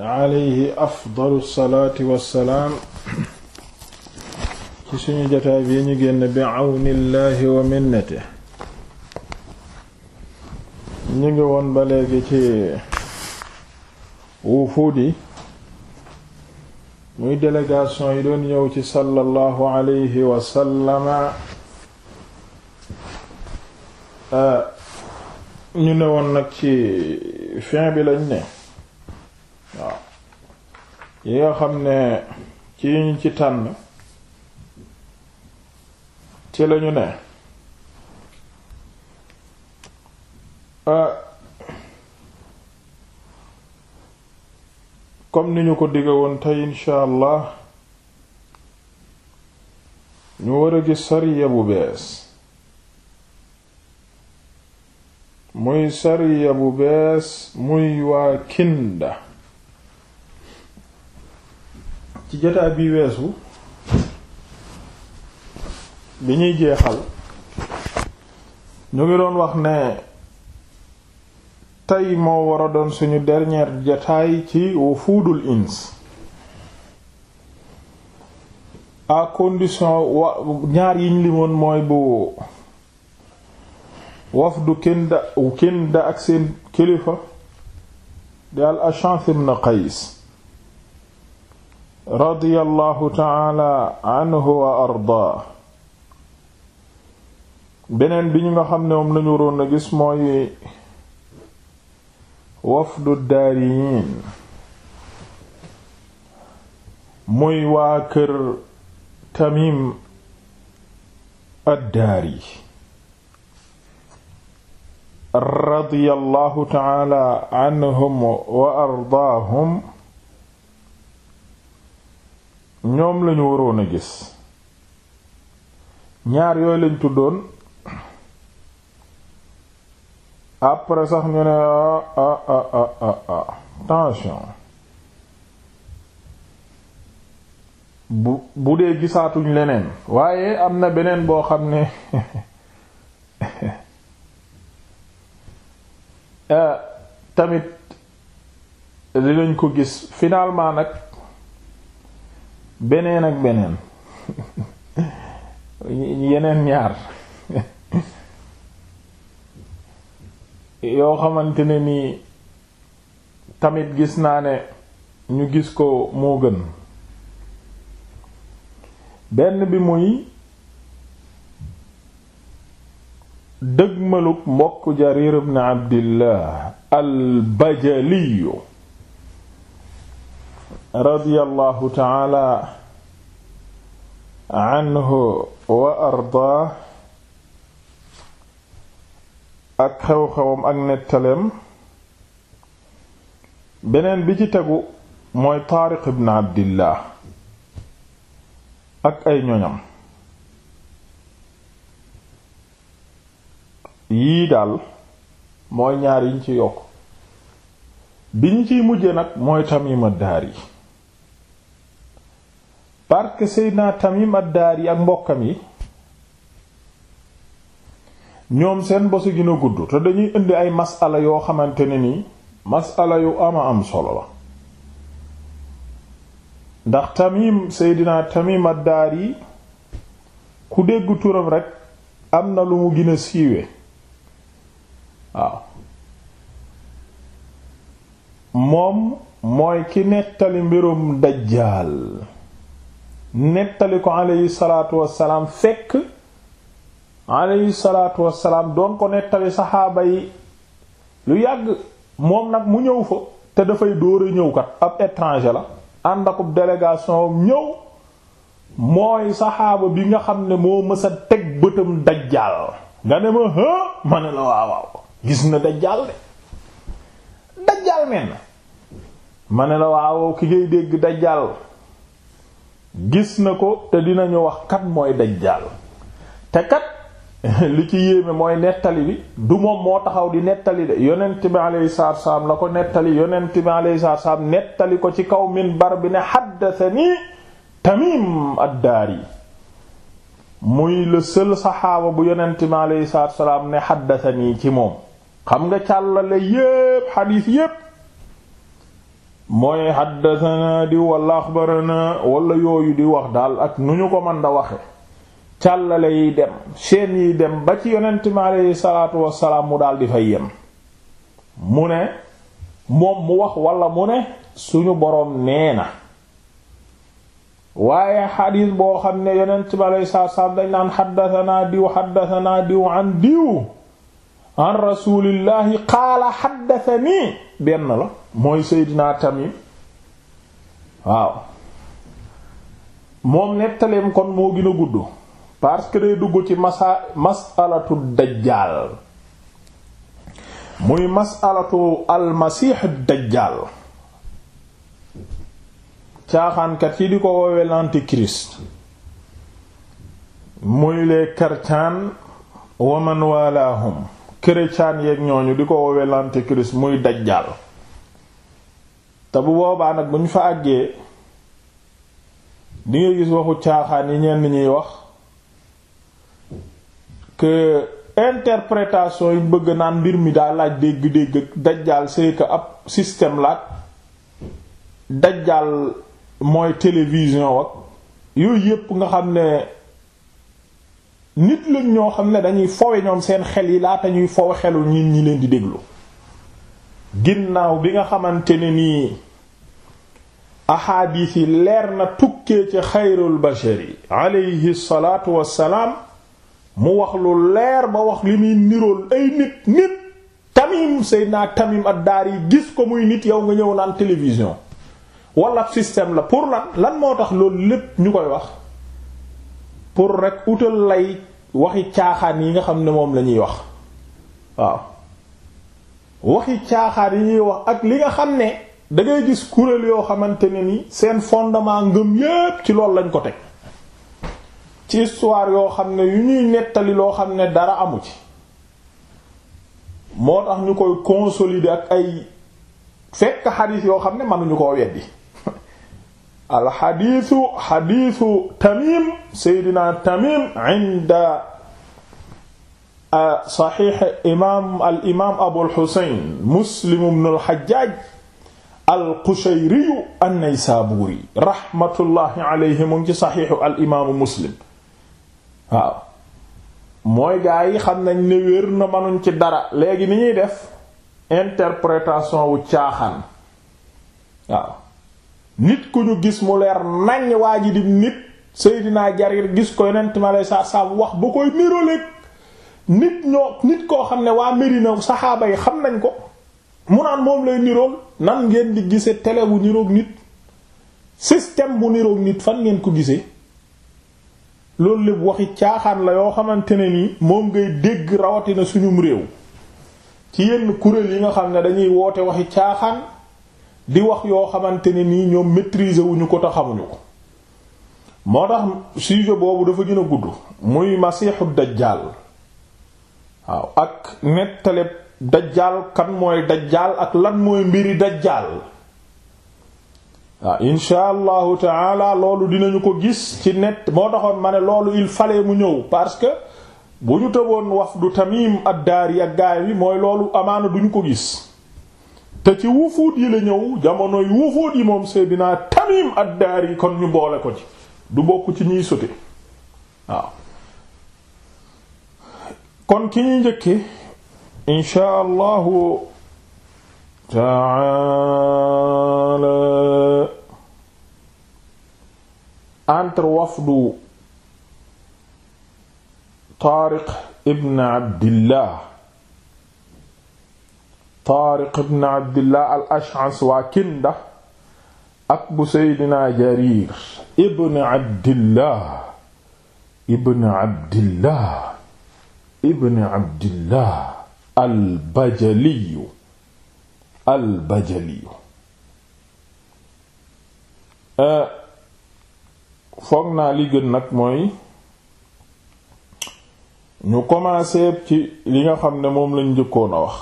alayhi afdalu salaati wassalaam ci suñu jataay bi ñu génn bi awnillahi wa minnate ñu ngi woon ba léegi ci wufuud yi muy délégation yi doon ñëw ci sallallahu alayhi ah, ñu ne woon nag ci fin bi lañ ne waaw yi nga xam ne ci ñu ci tànn ci lañu ne euh, comme ni ñu ko digga woon tey insha allah ñu war a gis sariya bu bees muy sariya bu bees muy waa Kinda ci jotaay bi weesu bi ñuy jeexal ñu ngi doon wax ne tey moo war doon suñu dernier jotaay ci wufuudul ins à condition wa ñaar yiñ limoon mooy bu wafdu Kinda Kinda ak seen kilifa di al Ash'ath ibn radiyallahu taala anhu wa ardaa beneen bi ñu nga xam ne moom lañu waroon a gis mooy wafdu daariyin muy waa kër tamim addaari radiyallahu taala anhum wa ardaahum ñoom lañu waroon a gis ñaar yooyu lañ tuddoon après sax ñu ne ah, ah, ah, tension bu bu dee gisaatuñ leneen waaye am na beneen boo xam ne eh, tamit dinañ ko gis finalement nag beneen ak beneen yeneen ñaar yoo xamante ne nii tamit gis naa ne ñu gis ko moo gën benn bi muy dëgmaluk mbokk Jarir ibn Abdillah al-Bajaliyu radiyallahu taala anhu wa ardaa ak xew-xewam ak nettaleem beneen bi ci tegu mooy taariq ibn abdillah ak ay ñoñam yii daal mooy ñaar yiñ ci yokk bi ñu ciy mujje nag mooy Tamim ad-Dari parce que Seydina Tamim ad-Dari ak mbokkam yi ñoom seen bosu gën a gudd te dañuy indi ay masala yoo xamante ne nii masala yu ama am solo la ndax Tamim Seydina Tamim ad-Dari ku dégg turam rekk am na lu mu gën a siiwee waaw moom mooy ki nettali mbirum dajjaal nettali ko aleyhi salaatu salaam fekk aleyhi salaatu wassalaam doon ko nettali saxaaba yi lu yàgg moom nag mu ñëw fa te dafay dóora ñëw kat ab étranger la àndakub akub ñëw mooy saxaaba bi nga xam ne moo mës a teg bëtam dajjaal nga ne ma hë ma ne la waaw gis na dajjaal de dajjaal men ma ne la waaw ki ngay dégg dajjaal gis na ko te dinañu wax kat mooy dajjaal te kat li ci yéeme mooy nettali bi du moom moo taxaw di nettali de yonent bi alayhi salaatu salaam la ko nettali yonent bi alayhi salaatu salaam nettali ko ci kaw min bar bi ne haddathani Tamim ad-Dari muy le seul saxaaba bu yonent bi alayhi salaatu salaam ne haddathani ci moom xam nga càllale yépp xadiis yépp mooy xaddatanaa diw wala axbarana wala yooyu di wax daal ak nu ñu ko mën da waxe càllale yi dem seen yi dem ba ci yonent mi aleyhi salaatu wasalaam mu daal di fay yem mu ne moom mu wax walla mu ne suñu boroom nee na waaye xadiis boo xam ne yonent mi aleyhi salaatu wasalaam dañ daan xaddatanaa diw xaddatanaa diw an diw an rasulillahi qaala xaddatani benn la mooy Seydina Tamim waaw moom nettaleem kon moo gën a gudd parce que day dugg ci masa masalatu dajjaal muy masalatu almasiixu dajjaal caaxaankat yi di ko woowee l'antéchrist muy les chrétiens waman walahum chrétiens yeeg ñooñu di ko woowee l'antéchrist muy dajjaal te bu boobaa nag bu ñu fa àggee di nga gis waxu caaxaan yi ñenn ñuy wax que interprétation yi bëgg naan mbir mi daa laaj dégg-dégg dajjaal c'est que ab système laaj dajjaal mooy télévision ak yooyu yépp nga xam ne nit lañ ñoo xam ne dañuy fowe ñoom seen xel yi laata ñuy fowe xelu ñin ñi leen di déglu ginnaaw bi nga xamante ne nii axaadiis yi leer na tukkee ci xayrul bashari aleyhi salaatu wassalaam mu wax lu leer ba wax li muy nirool ay nit nit tamim Seydina tamim ad-Dari gis ko muy nit yow nga ñëw naan télévision wala système la pour lan lan moo tax loolu lépp ñu koy wax pour rek utal lay waxi caaxaan yi nga xam ne moom lañuy ñuy wax waaw waxi caaxaan yi ñuy wax ak li nga xam ne da gis kuréel yoo xamante ne ni seen fondement ngëm yépp ci lool lañ ko teg ci histoire yoo xam ne yu ñuy nettali loo xam ne dara amu ci moo tax ñu koy consolider ak ay fekk xadiis yoo xam ne mënuñu koo weddi al xadiisu xadiisu tamim seydina tamim inda ah, muslim ibn al al-Qushayriyu an-Naysaabuuri rahmatullahi alayhi mu ngi ci saxiixu al imaamu Muslim waaw mooy gaa yi xam nañ ne na mënuñ ci dara léegi ni ñuy def interprétation wu caaxaan waaw nit ku ñu gis mu leer nañ waa ji di nit Seydina Jarir gis ko yonent ma saa saa wax ba koy niroleeg nit ñoo nit koo xam ne waa Medina saxaaba yi xam nañ ko. mu naan moom lay niroom nan ngeen di gise télé bu niroog nit système bu niroog nit fan ngeen ko gisee loolu lépp waxi caaxaan la yoo xamante ne ni moom ngay dégg rawatina suñum réew ci yenn kuréel yi nga xam ne dañuy woote waxi caaxaan di wax yoo xamante ne nii ñoom maîtriser wuñu ko te xamuñu ko moo tax sujet boobu dafa jën a gudd muy masiixu dajjaal waaw ak nettaleb dajjaal kan mooy dajjaal ak lan mooy mbiri dajjaal waaw ah, insha allahu taala loolu dinañu ko gis ci net moo taxoon ma ne loolu il fallait mu ñëw parce que bu ñu tëboon wafdu Tamim ad-Dari ak gaay bi mooy loolu amaana duñu ko gis te ci wufuut yi la ñëw jamonoy wufuut yi moom Seydina Tamim ad-Dari kon ñu boole ko ci du bokk ci ñiy sote waaw ah. kon ki ñuy njëkke insha allahu taala entre wafdu Taariq ibn Abdillah Taariq ibn Abdillah al Ash'as waa Kinda ak bu Seydina Jarir ibn Abdillah ibn Abdillah ibn Abdillah albajaliyu albajaliyu euh, foog naa li gën nag mooy ñu commencé ci li nga xam ne moom lañ njëkkoon a wax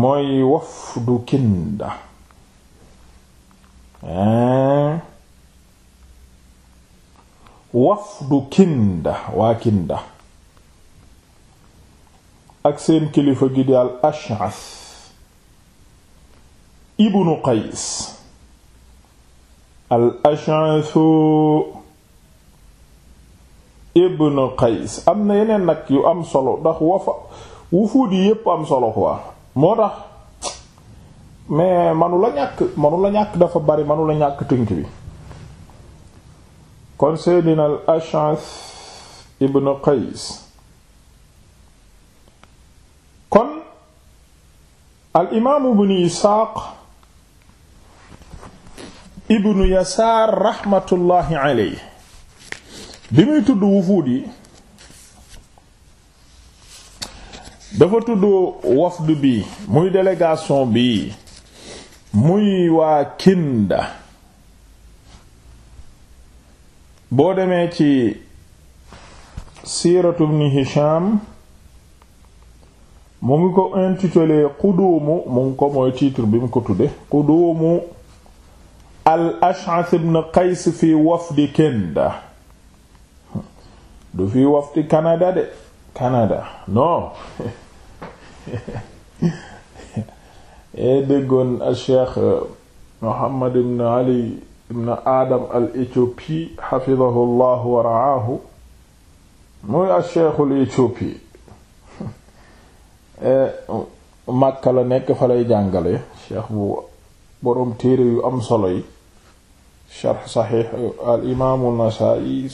mooy wafdu Kinda wafdu Kinda waa Kinda ak seen kilifa gi di al ash'ath ibnu qays al ash'athu ibnu qays am na yeneen nag yu am solo ndax wafa wufuud yi yépp am solo quoi moo tax mais manu la ñàkk manu ñàkk dafa bari manu la ñàkk tënk bi kon seydina al ash'ath ibnu qays kon al imaamu ibnu isxaaq ibnu yasaar raxmatullaahi aley bi muy tudd wufuud yi dafa tudd wafd bi muy délégation bi muy waa Kinda boo demee ci siiratu ibnu Hisham mu ngi ko intitulé quduumu mu ngi ko mooy bi mu ko tudde quduumu al ash'ath ibn qays fi wafdi kenda du fi wafdi canada de e déggoon al al éthiopi xafidahu llah al cheikh al éthiopi Euh, Makka la nekk fa lay jàngale cheikh bu boroom téere yu am solo yi sharh saxiix al imaamu Nasaa'i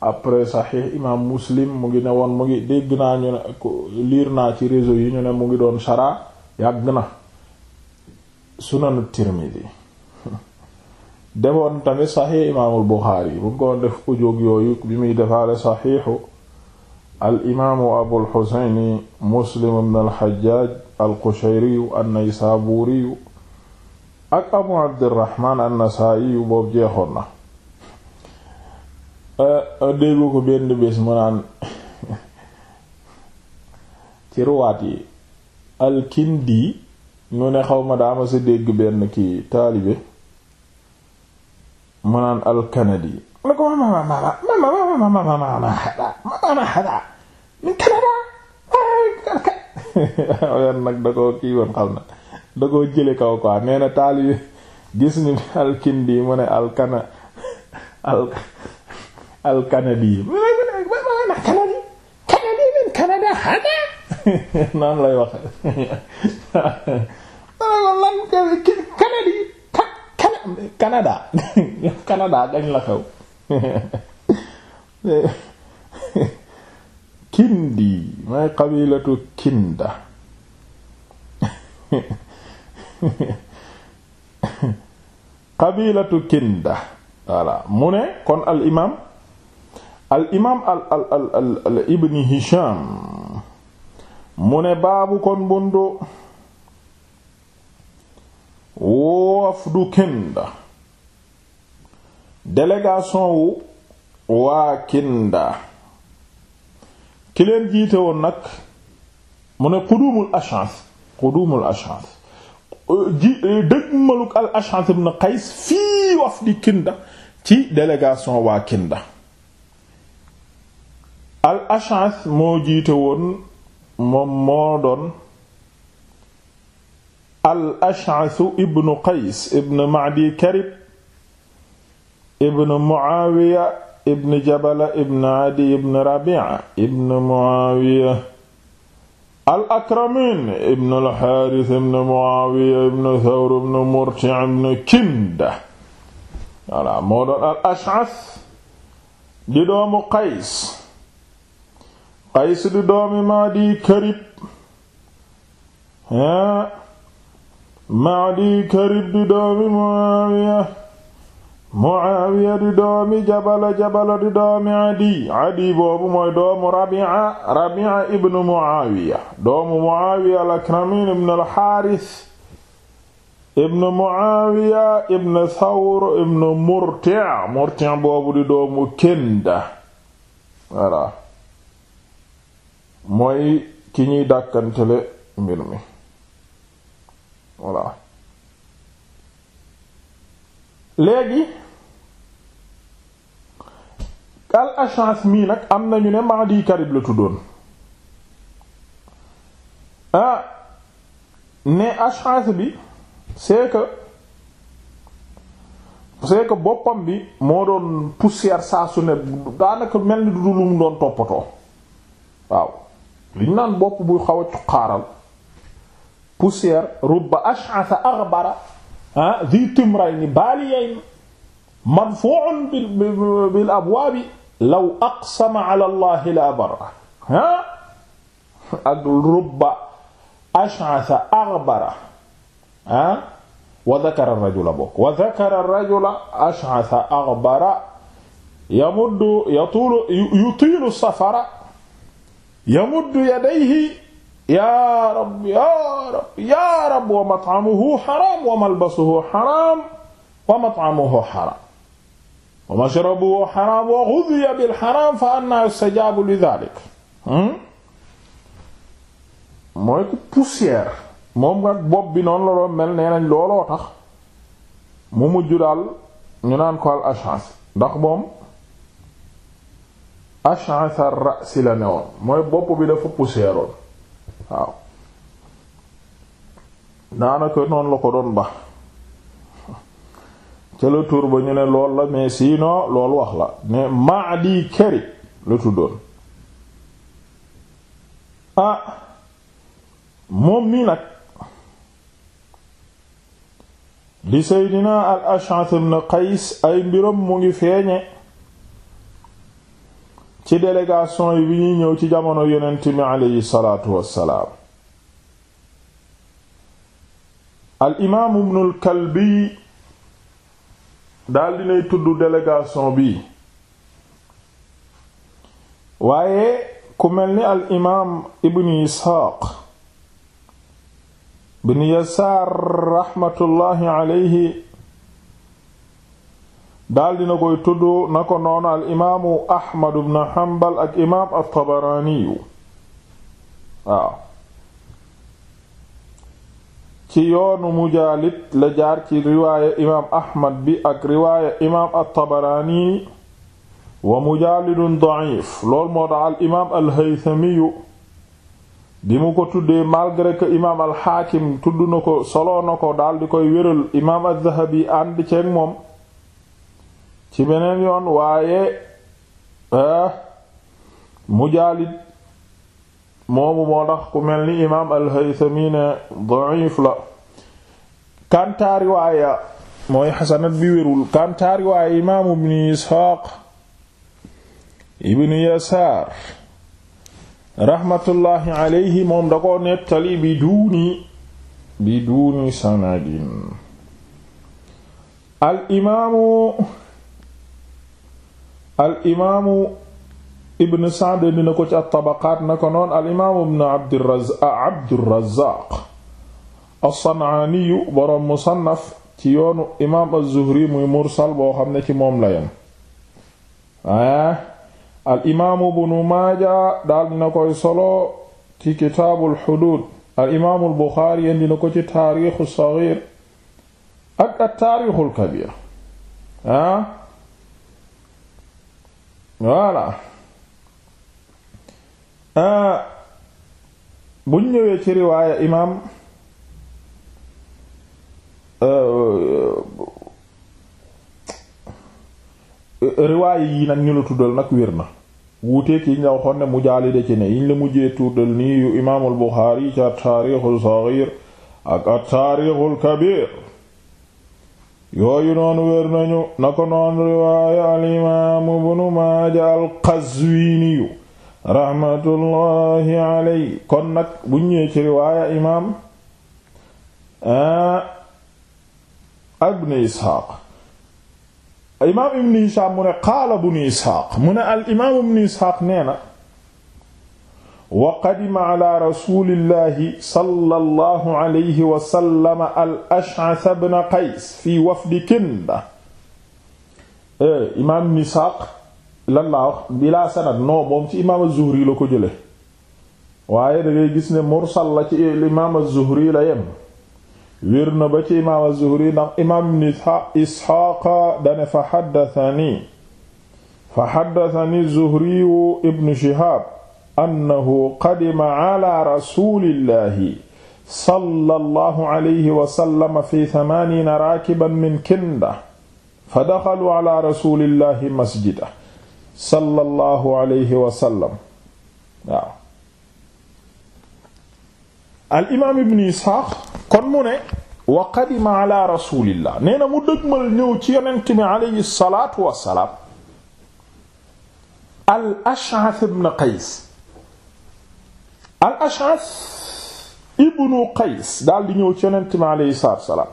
après saxiix imaam Muslim mu ngi ne woon mu ngi dégg naa ñu ne liir naa ci réseau yi ñu ne mu ngi doon shara yàgg na sunanu Tirmidi demoon tamit saxiix imaamul Buxaari bu mu def ujóog yooyu bi muy defaale saxiixu al imaamu abul xusayni muslim ibn al xajjaaj al qushayriyu an-naysaabuuriyu ak abu abdirahmaan an-nasaa'iyu boobu jeexoon na déggu ko benn bés mu naan ci ruwaat yi alkindi ñu ne xaw ma daama si dégg benn kii taalibe mu naan alkanadi ma ko ma ma ma ma ma ma ma ma ma ma ma ma ma ma ma min Canada waayoon nag da koo kii woon xam na da koo jële kaw quoi nee na taali gis ni alkindi mu ne alkana al alkanadi kanadi kanadi min Canada hada naan lay wax lan kanadi Canada Canada dañ la xew kindi mooy qabilatu kinda qabilatu kinda voilà mu ne kon al imaam al imaam al al al al ibni hisham mu ne baabu kon bundu wafdu kinda délégation wu waa kinda ki jiite woon nag mu ne qudumul Ash'ath qudumul Ash'ath ji dëgmaluk al Ash'ath ibn Qays fii wafdi Kinda ci délégation waa Kinda al Ash'ath moo jiite woon moo doon al Ash'ath ibn Qays ibn Ma'di Karib ibn Muawiya ibn jabala ibn adi ibn rabia ibn muawiya al akramin ibn al xaaris ibn muawiya ibn thawr ibn murti ibn kinda voilà moo doon al ash'as di doomu qays qays di doomi maadi karib haa maadi karib di doomi muawiya Muawiya di doomi jabala jabala di doomi Adi Adi boobu mooy doomu Rabi'a Rabi'a ibn Muawiya doomu Muawiya al-Akramin ibn al-Harith ibn Muawiya ibn Thawr ibn Murti' Murti' boobu di doomu Kinda voilà mooy ki ñuy dàkkantele mbir mi voilà léegi al Ash'as mii nag am na nañu ne Mahdi Karib la tuddoon ah ne Ash'as bi c'est que c'est que boppam bi moo doon poussière saa su ne daanaka mel ni du lu mu doon toppatoo waaw lu ñu naan bopp buy xaw a cuqaaral poussière rubba ash'asa aghbara ah zi timrayni baaliyayn madfu'un bil bil abwaabi law aqsama ala allahi la barra ah ak rubba ash'atha aghbara ah wa dhakara ar-rajula bokk wa dhakara ar-rajula ash'atha aghbara yamuddu yatulu yutilu as-safara yamuddu yadayhi yaa rab yaa rab yaa rab wa mat'amuhu xaram wa malbasuhu xaram wa mat'amuhu xaram wa mashrabuhu xaram wa ghudiya bil xaram fa anna yustajaabu li daalik hmm? mooy ku poussière moom nga bopp bi noonu la doon mel nee nañ looloo tax mu mujj daal ñu naan ko al Ash'as ndax moom Ash'as ar-ra's la newoon mooy bopp bi dafa poussière woon waaw daanaka noonu la ko doon ba ca la tur ba ñu ne lool la mais sinon loolu wax la ne maadi kari la tuddoon ah moom nii nag di seydina al ash'ath ibn qays ay mbiram mu ngi feeñe ci délégation yi bi ñuy ñëw ci jamono yonent mi aleyhi salaatu wassalaam al imaam ibnul kalbi daldi nay tudd délégation bi waaye ku mel ni al imaam ibnu isxaaq ibnu yasaar raxmatullaahi aleyhi daal na koy tudd na ko noonu al imaamu Ahmad ibn Hanbal ak imaam at-Tabarani ci yoonu Mujaalid la jaar ci riwaaya imaam Ahmad bi ak riwaaya imaam at-Tabarani wa Mujaalidun da'if lool moo tax al imaam al-Haythami bi ko tuddee malgré que imaam al-Hakim tudd na ko solo na ko daal di koy wéral imaam az-Zahabi ànd ceeg moom. ci beneen yoon waaye ah, mujaalid moomu moo tax ku mel ni imaam al-Haythami ne da'if la kantaa riwaaya mooy xasanat bi wérul kantaa riwaaya imaam ibn Isxaaq ibn Yasaar raxmatullaahi alayhi moom da ko bi duuni sanadin al al imaamu Ibn Sa'd indi na ko ci at-Tabaqaat na ko noon al imaamu Ibn Abdurrazaaq as-San'aaniyu boroom Musannaf ci yoonu imaam az-Zuhri muy mursal boo xam ne ci moom la yem ah al Maaja daal dina koy solo ci kitaabul xuduud al imaamul Buxaari indi na ko ci taariixu saxiir ak at-taariixul kabiir ah. voilà euh, bu ñëwee ci riwaaya imaam euh, riwaaya yi nag ñu la tuddal nag wér na wuuteek yi ñu la waxoon ne mujaalide ci ne yiñ la mujjee tuddal nii yu imaamul Buxaari ci at-taarixul saxiir ak at-taarixul kabiir yooyu noonu wér nañu na ko noonu riwaaya alimaamu ibnu maaja alqazwiiniyu raxmatullaahi aley kon nag bu ñëwee ci riwaaya imaam ah, ibnu isxaaq imaam ibnu isxaaq mu ne qaala ibnu isxaaq mu ne al imaam ibnu isxaaq nee na wa qadima ala rasulillahi sallallahu alayhi wa sallam al ash'ath ibn qays fi wafdi kinda eh, imaam nisaaq lan laa wax bilaa sanad non moom ci imaam az-zuhri la ko jële waaye da ngay gis ne mursal la ci imaam az-zuhri la yem wér na ba ci imaam az-zuhri ndax imaam isxaaqa dane fa xaddatani fa xaddatani az-zuhri ibn shihab annahu qadima ala rasulillahi sallallahu alayhi wa sallam fi thamaaniina raakiban min kinda fa daxalu ala rasulillahi masjida sallallahu alayhi wa sallam waaw al imaam ibn isxaaq kon mu ne wa qadima ala rasulillah nee na mu dëgmal ñëw ci yonent mi alayhi salaatu wassalaam al ash'ath ibn qays al ash'as ibnu qays daal di ñëw ci yonent mi aleyhi salaatu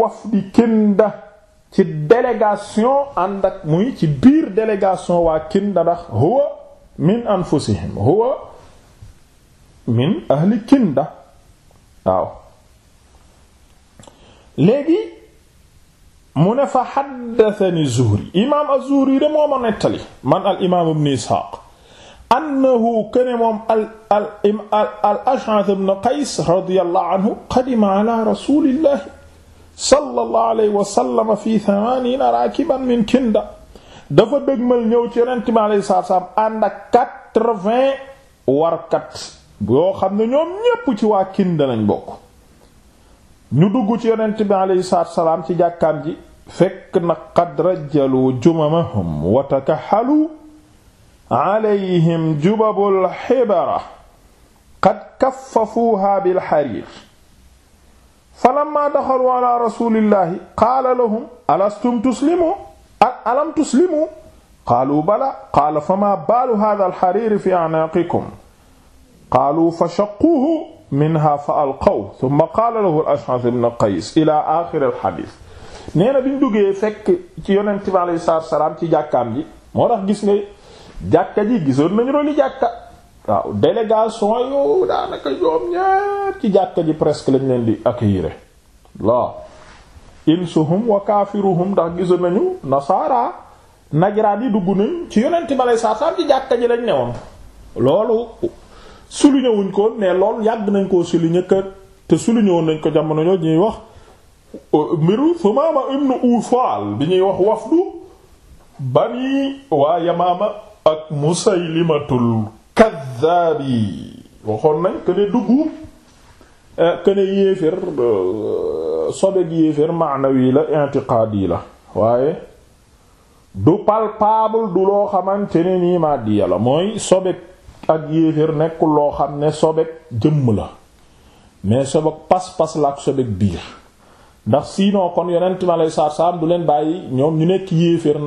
wafdi Kinda ci délégation ànd ak muy ci biir délégation waa Kinda ndax huwa min anfusihim huwa min ahli Kinda léegi mu ne fa xaddatani Zuhri imaam az-Zuhri de moo ma nettali man al imaam ibnu Isxaaq annahu kene moom al al al Ash'ath ibn Qays radiyallahu anhu qadima ala rasulillahi sallallahu wa sallam fi thamaaniina raakiban min Kinda dafa dëgmal ñëw ci Yonent mi alayhi salaam ànd ak quatre-vingts warkat yoo xam ne ñoom ñépp ci waa Kinda lañ bokk ñu dugg ci Yonent bi alayhi salaam ci jàkkaam ji fekk na qad rajjalu jumamahum wa alayhim jubabul xibara qad kaffafuuha bil xariir falammaa daxalu ala rasuulillaahi qaala lahum alastum tuslimuun alam tuslimuun qaaluu balaa qaala famaa baalu haadhal xariiri fi a'naaqikum qaaluu fashaqquuhu minhaa fa alqawhu summa qaala lahu al-Ash'ath ibn Qays ilaa aaxiril hadiis nee na bi ñu duggee fekk ci yonent bi alayhi salaatu wa salaam ci jàkkaam ji moo tax gis nga. jàkka ji gisoon nañu roli jàkka waaw délégation yo daanaka joom ñaar ci jàkka ji presque lañ leen di accueillir la insuhum wa kaafiruhum ndax gisoon nañu nasaara najraan yi dugg nañ ci yonent balay saa ci jàkka ji lañ newoon loolu souligné wuñ ko ne loolu yàgg nañ koo souligné que te souligné nañ ko jamono ñoo ñuy wax mbiru Sumaama ibnu Ufaal bi ñuy wax wafdu bani waa Yamaama ak musaylimatul kaddaabi waxoon nañ que duggu euh, que yéeféer sobeek yéeféer maanawi la intiqaadi la waaye du palpable du loo xamante ne nii maadiya la mooy sobeek ak yéeféer nekkul loo xam ne sobeek jëmm la mais sobeek pas-pas la ak sobeek biir ndax sinon kon yonent ma lay saar saam du leen bàyyi ñoom ñu nekk yéeféer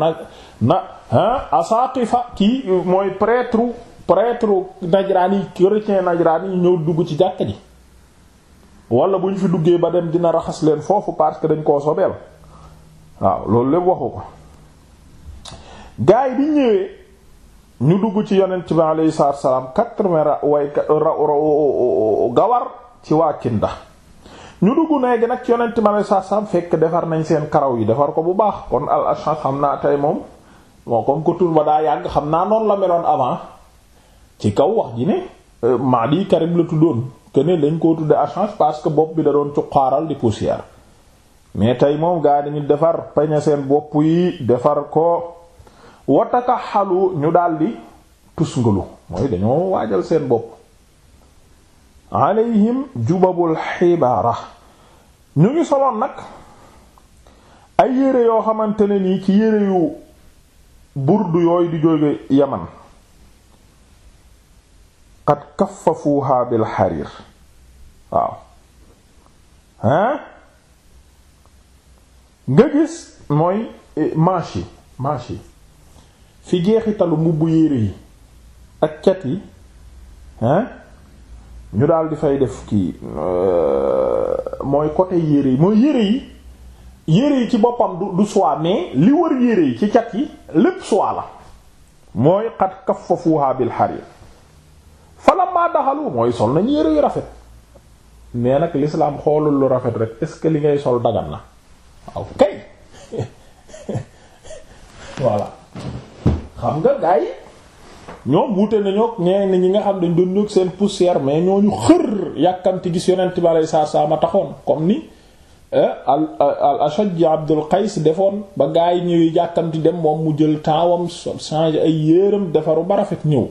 na fa kii mooy prêtre prêtre najraan yi chrétien najraan yi ñëw dugg ci jàkka ji wala bu ñu fi duggee ba dem dina raxas leen foofu parce que dañ koo sobeel waaw loolu lépp waxu ko gaay bi ñëwee ñu dugg ci yonent bi alayhi salaatu salaam quatre-vingts ra way gawar ci waa Kinda ñu dugg neegi nag ci yonent bi alayhi salaatu salaam fekk defar nañ seen karaw yi defar ko bu baax kon al ash'ath xam naa tey moom bon comme que tur ba daa yàgg xam naa noonu la meloon avant ci kaw wax ji ne euh, Mahdi Karib la tuddoon que ne dañ koo tudde Ash'ath parce que bopp bi da doon cuqaaral di poussière mais tey moom gaa yi dañu defar peñe seen bopp yi defar ko wataka xalu ñu daldi tusngalu mooy dañoo waajal seen bopp alayhim jubabul xiibaara ñu ngi soloon nag ay yére yoo xamante ne nii ci yére yu burdu yooyu di jóge yaman qad kaffafuha bil xariir waaw hein nga gis mooy manche yi manche yi fi jeexitalu mbubb yére yi ak cat yi hein ñu daal di fay def kii euh, mooy côté yére yi mooy yére yi yére yi ci boppam du du soie mais li wër yére yi ci cat yi lépp soie la mooy xat kaffafuha bil harir falamma daxalu mooy sol nañ yére yu rafet mais nag l'islam xoolul lu rafet rek est ce que li ngay sol dagan na waaw kay voilà xam nga gaa yi ñoom wuute nañu ak ñenn ñi nga xam dañ doon ñëw seen poussière mais ñooñu xër yàkkamti gis yonent bi alayhi salaatu wa taxoon comme ni. Eh, al al Ashaj Abdul Qays defoon ba gaa yi ñëwee jàkkamti dem moom mu jël taawam changer ay yéeram defaru ba rafet ñëw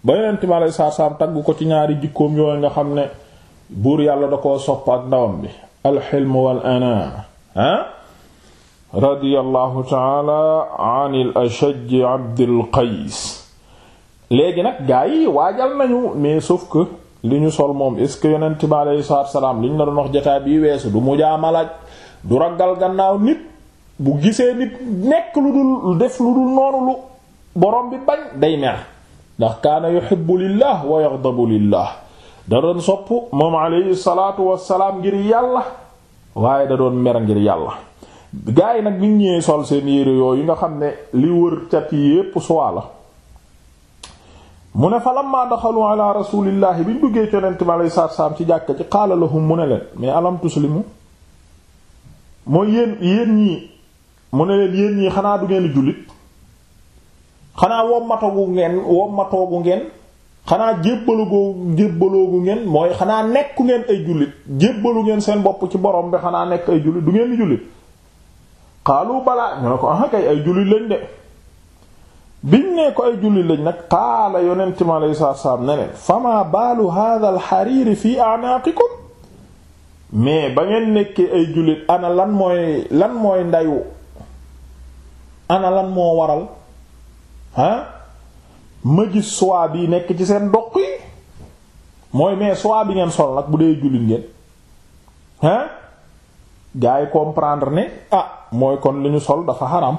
ba yonent mi aleyhi salaatu salaam tagg ko ci ñaari jikkoom yooyu nga xam ne buur yàlla da koo sopp ak ndawam bi alxilm wal anaa ah radiyallahu taala an al Abdul Qays léegi nag gaa yi waajal nañu mais sauf que li ñu sol moom est-ce que yonent bi aleyhi salaatu salaam li ñu la doon wax jotaay bi weesu du mujaamalaaj du ragal gannaaw nit bu gisee nit nekk lu dul def lu dul noonu lu borom bi bañ day mer ndax kaana yuhibbu lillah wa yaghdabu lillah da doon sopp moom aleyhi salaatu ngir yàlla waaye da doon mer ngir yàlla gaa yi nag bi ñëwee sol seen yére yooyu nga xam ne li wër cat yépp suwaa la mu ne fa lamma daxalu ala rasulillahi bi ñu duggee yonent bi alayhi salaatu salaam ci jàkka ci qaala lahum mu ne leen mais alam tuslimu mooy yéen yéen ñii mu ne leen yéen ñii xanaa du ngeen jullit xanaa wommatoogu ngeen wommatoogu ngeen xanaa jébbalugoo jébbaloogu ngeen mooy xanaa nekk ngeen ay jullit jébbalu ngeen seen bopp ci borom bi xanaa nekk ay jullit du ngeen di jullit qaalu balaa ñu ko ah kay ay jullit lañ de biñ ne ko ay julli lañ nag qaala yonent mi alayhi salaatu salaam ne leen fama baalu hadha al xariiri fii a'naaqikum mais ba ngeen nekkee ay jullit ana lan mooy lan mooy ndayu ana lan moo waral ah ma gis soit bi nekk ci seen doq yi mooy mais soie bi ngeen sol nag bu dee jullit ngeen ah gaa yi comprendre ne ah mooy kon li ñu sol dafa xaram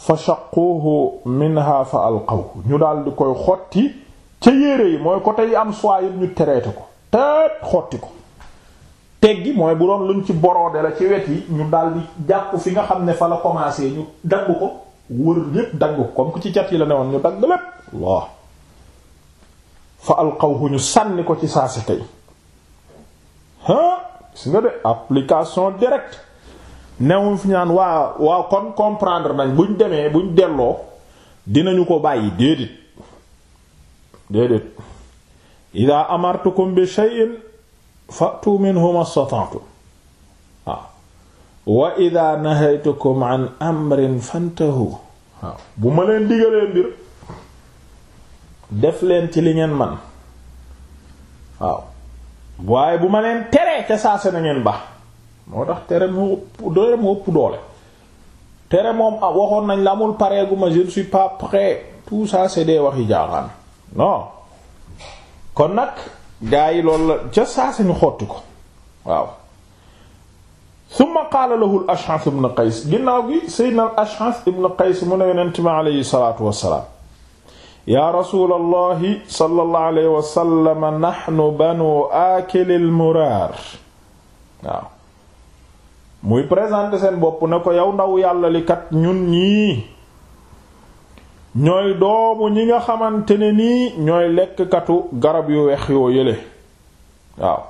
fa shaquuhu minha fa alqaw ñu daal di koy xotti ca yére yi mooy côté yi am soie yëpp ñu tereete ko teet xotti ko teggi mooy bu doon luñ ci boroode la ci wet yi ñu daal di jàpp fi nga xam ne fa la commencé ñu dagg ko wër yëpp dagg ko comme ku ci cat yi la ne woon ñu dagg lépp waaw fa alqawhu ñu sànni ko ci saa si tey ah gis nga de application directe newuñ fi ñaan waa waaw kon comprendre nañ buñ demee buñ delloo dinañu ko bàyyi déedéet déedéet ida amartukum bi shay'in fatu minhu mastata'tum waaw wa ida nahaytukum an amrin fantahu waaw bu ma leen digalee mbir def leen ci li ngeen man waaw waaye bu ma leen teree ca saase na ngeen ba moo tax tere mu ëpp doole tere moom ah, waxoon nañ la amul pareegu ma je ne suis pas prêt tout ça c'est des wax yi jaaxaan kon nag gaa yi loolu la ca saa sañu xotti ko waaw summa qaala lahu al Ash'ath ibn Qays ginnaaw gi sayyidna al Ash'ath ibn Qays mu ne yonent mi aleyhi salaatu wassalaam yaa rasulallahi sallallahu alayhi wa sallam nahnu banu aakilil muraar waaw muy présenter seen bopp ne ko yow ndaw yàlla ñun ñii ñooy doomu ñi nga xamante ne nii ñooy lekkkatu garab yu weex yoo yële waaw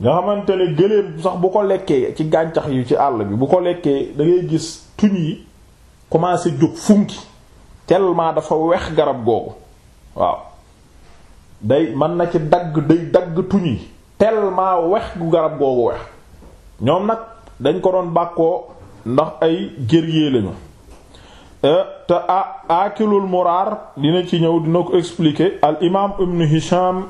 nga xamante ne gëléem sax bu ko lekkee ci gàncax yu ci àll bi bu ko lekkee da ngay gis tuñ yi commencé jóg funki tellement dafa weex garab googu waaw day mën na ci dagg day dagg tuñ yi tellement weex gu garab googu weex ñoom nag dañ ko doon bàkkoo ndax ay guerrier lañu euh, te a aakilul muraar dina ci ñëw dina ko expliquer al imaam ibnu hisham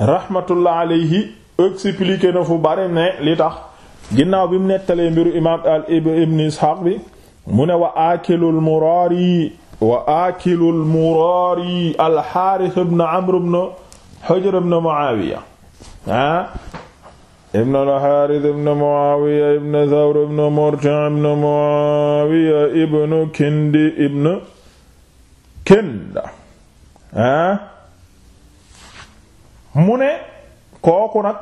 rahmatullah alayhi expliquer na fu bari ne li tax ginnaaw bi mu nettalee mbiru imaam al ibnu bi mu ne wa aakilul muraari wa aakilul muraari al xaaris ibnu amr ibnu hujr ibnu muawiya ah ibn al ibn Mu'aawiya ibn Thawr ibn Murta' ibn Mu'aawiya ibn Kindi ibn Kinda ah? mu ne kooku nag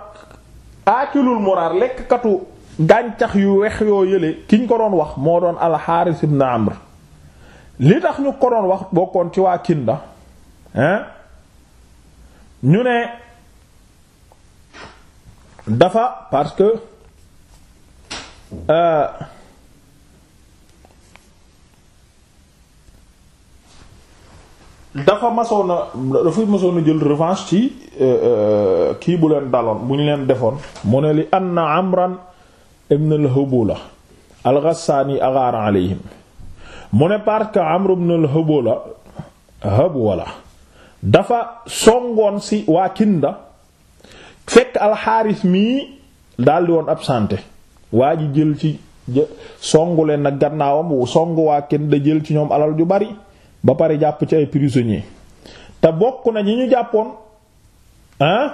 aakilul muraar lekkatu gàncax yu wex yoo yële kiñ ko doon wax moo doon al-Haaris ibn Amr li tax ñu ko doon wax bokkoon ci waa Kinda ah ñu ne dafa parce que euh, dafa masoon na dafa masoon jël revanche ci euh, euh, kii bu leen daloon bu ñu leen defoon mu ne li anna amran ibn al-Hubula al-Ghassani aghara alayhim mu ne parce que Amr ibn al-Hubula Hubwala dafa songoon ci waa Kinda fekk alxaaris mii daldi woon absenté waa ji jël ci songu leen nag gannaawam songu waa kenn da jël ci ñoom alal ju bari ba pare jàpp ci ay prisonniers te bokk na ñi ñu jàppoon ah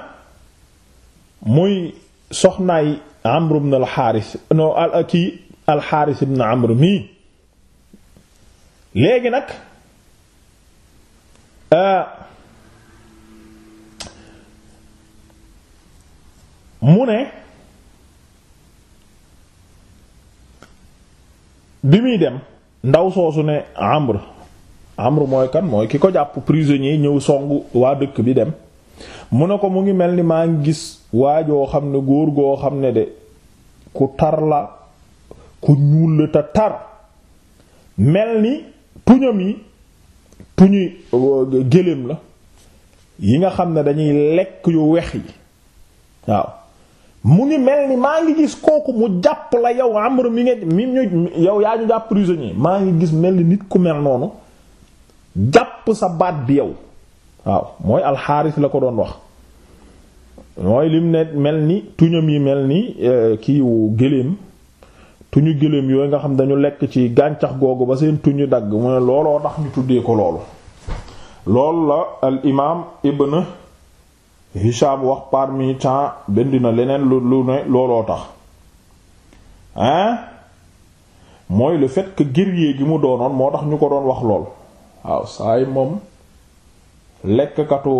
muy soxnaay Amr ibn al-Haris no al aki al-Haris mii léegi nag euh, mu ne bi muy dem ndaw soosu ne Amr Amr mooy kan mooy ki ko jàpp prisonnier ñëw song waa dëkk bi dem mu ne ko mu ngi mel ni maa ngi gis waajoo xam ne góor goo xam ne de ku tar la ku ñuul la tar mel ni tuñam yi tuñu gëléem la yi nga xam ne dañuy lekk yu weex yi waaw mu ngi mel ni maa ngi gis kooku mu jàpp la yow amru mi nga mi ñu yow yaa ñu jàpp prisonnier maa ngi gis mel ni nit ku mel noonu jàpp sa baat bi yow waaw mooy alxaaris la ko doon wax mooy lim ne mel ni tuñam yi mel ni euh, kiiwu gëléem tuñu gëléem yooyu nga xam dañu lekk ci gàncax googu ba seen tuñu dagg mu ne looloo tax ñu tuddee ko loolu loolu la al imaam ibn Hisham wax parmi temps bendi na leneen lu lu ne looloo tax hein mooy le fait que guerrier gi mu doonoon moo tax ñu ko doon wax lool waaw saa yi moom lekkkatu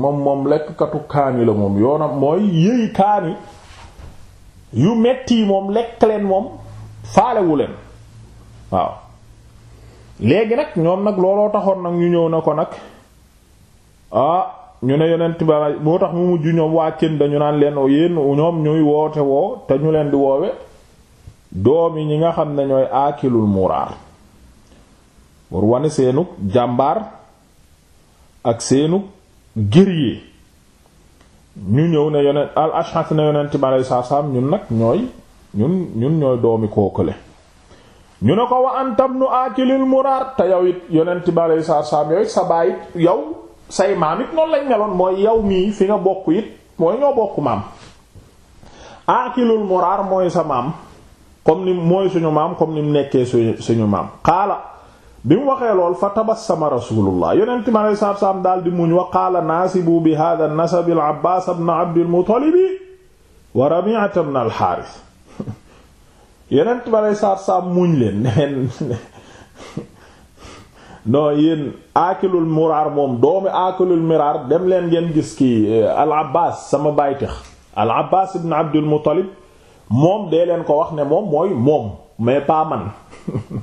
moom moom lekkkatu kaani la moom yoonam mooy yëy kaani yu metti yi moom lekk leen moom faalewu leen waaw léegi nag ñoom nag looloo taxoon nag ñu ñëw na ko nag ah ñu ne yonent ba moo tax mu mujj ñoom waa kenn dañu naan leen oh, yéen ñoom ñuy woote woo te ñu leen di woowe doomi ñi nga xam ne ñooy aakilul muraar pour wane seenug jàmbaar ak seenug guerrier ñu ñëw ne yonent al ashas ne yonent ba alay saasaam ñun nag ñooy ñun ñun ñooy doomi kookale ñu ne ko wa antam nu aakilul muraar te yow it yonent ba alay saasaam sa baay yow say maam it noonu lañ meloon mooy yow mii fi nga bokk it mooy ñoo bokk maam aakilul moraar mooy sa maam comme ni mooy suñu maam comme ni mu nekkee suñu maam xaala bi mu waxee lool fa tabassama rasulullah yonent mi alei satu salaam daal di muñ wa qaala naasibu bi hadha nasabi al abbas ibn abdil muttalibi wa rabi'ata ibn al harith yonent mi alei satu salaam muñ leen non yéen aakilul muraar moom doomi aakilul miraar dem leen ngeen gis ki eh, al abbas sama baytix al abbas ibn abdul muttalib moom dee leen ko wax ne moom mooy moom mais pas man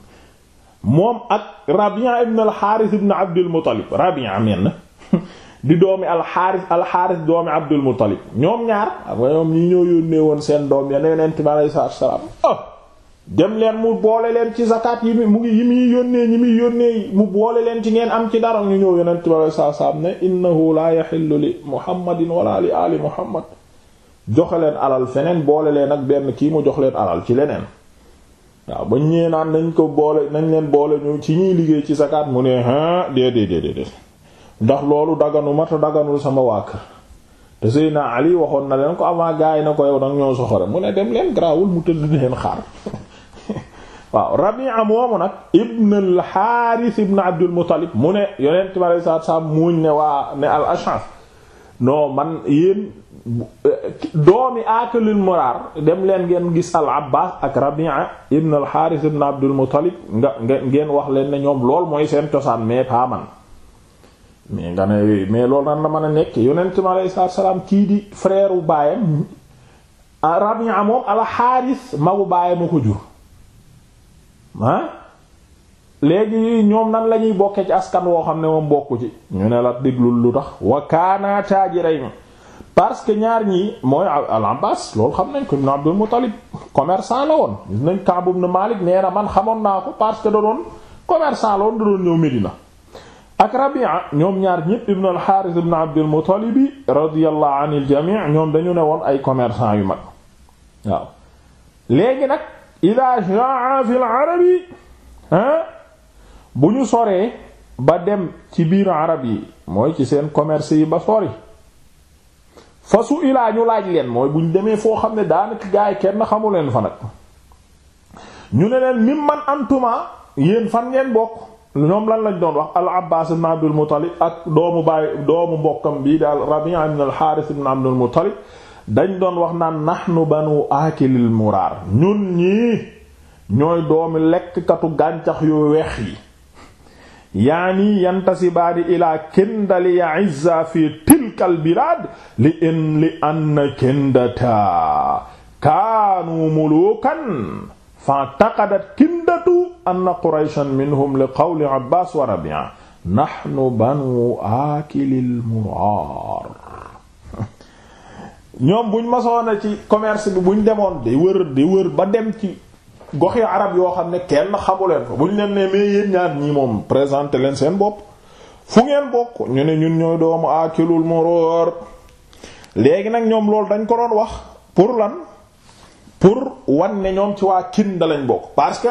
moom ak rabia ibn al xaaris ibn abdul muttalib rabia men di doomi alxaaris alxaaris doomi abdul muttalib ñoom ñaar xam nga ñoom ñi ñoo yónnee woon seen doom ya ne yonent bi alayhi salaam oh, dem leen mu boole leen ci zakat yi mu ngi yi muy yónnee ñi muy yónnee mu boole leen ci ngeen am ci dara ñu ñëw yonent bi alei saatu salaam ne innahu la yaxillu li muhammadin wala li ali muhammad joxe leen alal feneen boole leen ak benn kii mu jox leen alal ci leneen waaw bañ ñëwee naan nañ ko boole nañ leen boole ñu ci ñuy liggéey ci zakat mu ne a déedéet déedéet ndax loolu daganu mat daganul sama waa kër te Seydina Ali waxoon na leen ko avant gaay na ko yow nag ñoo soxore mu ne dem mu tëdd leen waaw Rabi'a moomu nag ibn al-Harith ibn Abdul Muttalib mu ne yonent bi alayhi salaatu salaam muuñ ne waa ne al-Ash'ath non man yéen doomi akalil morar dem leen ngeen gis al-Abbas ak Rabi'a ibn al-Harith ibn Abdul Muttalib nga ngeen wax leen ne ñoom lool mooy seen cosaan mais pas mais nga ne mais loolu nan la mën a nekk yonent bi alayhi salaatu salaam kii di frère u baayam Rabi'a moom al-Harith magu baayam a ko jur ah léegi ñoom nan la ñuy bokkee ci askan woo xam ne moom bokku ci ñu ne la déglul lu tax wa kaana taajiray parce que ñaar ñi mooy al Abbas loolu xam nañ ko ibn Abdul Muttalib commerçant la woon nañ Ka'b ibn Malik nee na man xamoon naa ko parce que da doon commerçant la woon da doon ñëw Medina ak Rabi'a ñoom ñaar ñépp ibn al Harith ibn Abdul Muttalib radiyallahu anil jami' ñoom dañu ne woon ay commerçant yu mag waaw léegi nag ila jaa fi arabi bu ñu soree ba dem ci biir arab yi mooy ci seen commerce yi ba sori fasu ilaa ñu laaj leen mooy bu ñu demee foo xam ne daanaka yi kenn xamu leen fa nag ñu ne leen mim man antuma yéen fan ngeen bokk ñoom lan lañ doon wax al abbas ibn abdul muttalib ak doomu baay doomu mbokkam bii daal rabi'a ibn al harith ibn abdul muttalib dañ doon wax naan nahnu banu aakilil muraar ñun ñii ñooy doomi lekkkatu gàncax yu weex yi yaani yantasibaani ilaa kindali ya izza fi tilkal bilaad li in li ann kindata kaanu mulukan fa taqadat kindatu anna qurayshan minhum li qawli abbaas wa rabi'a nahnu banu aakilil muraar ñoom bu ñu buñ masoona ci commerce bi bu ñu demoon di wër di wër ba dem ci goxi arab yoo xam ne kenn leen xamuleen bu ñu leen ne mais yéen ñaar ñii moom présenté leen seen bopp fu ngeen bokk ñu ne ñun ñooy doomu akilul murur léegi nag ñoom loolu dañ ko doon wax pour lan pour wan ne ñoom ci waa Kinda lañ bokk parce que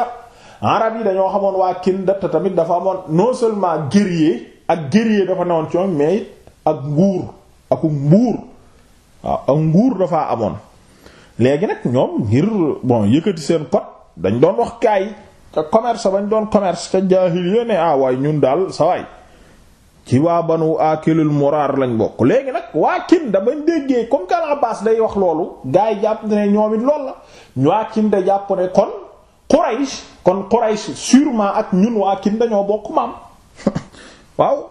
arab yi dañoo xamoon waa Kinda te tamit dafa amoon non seulement guerrier ak guerrier dafa newoon ci ñoom mais ak nguur aku mbuur waaw ah, ak nguur dafa amoon léegi nag ñoom ngir bon yëkkati seen code dañ doon wax kaay ca commerce bañ doon commerce ca jaahiliya ne ah waay ñun daal sa waay ci waa banu akilul muraar lañ bokk léegi nag waa Kinda damañ déggee comme que Abbas day wax loolu gars yi jàpp ne ñoom it loolu la waa Kinda jàpp ne kon Quraysh kon Quraysh sûrement ak ñun waa Kinda ñoo bokk maam waaw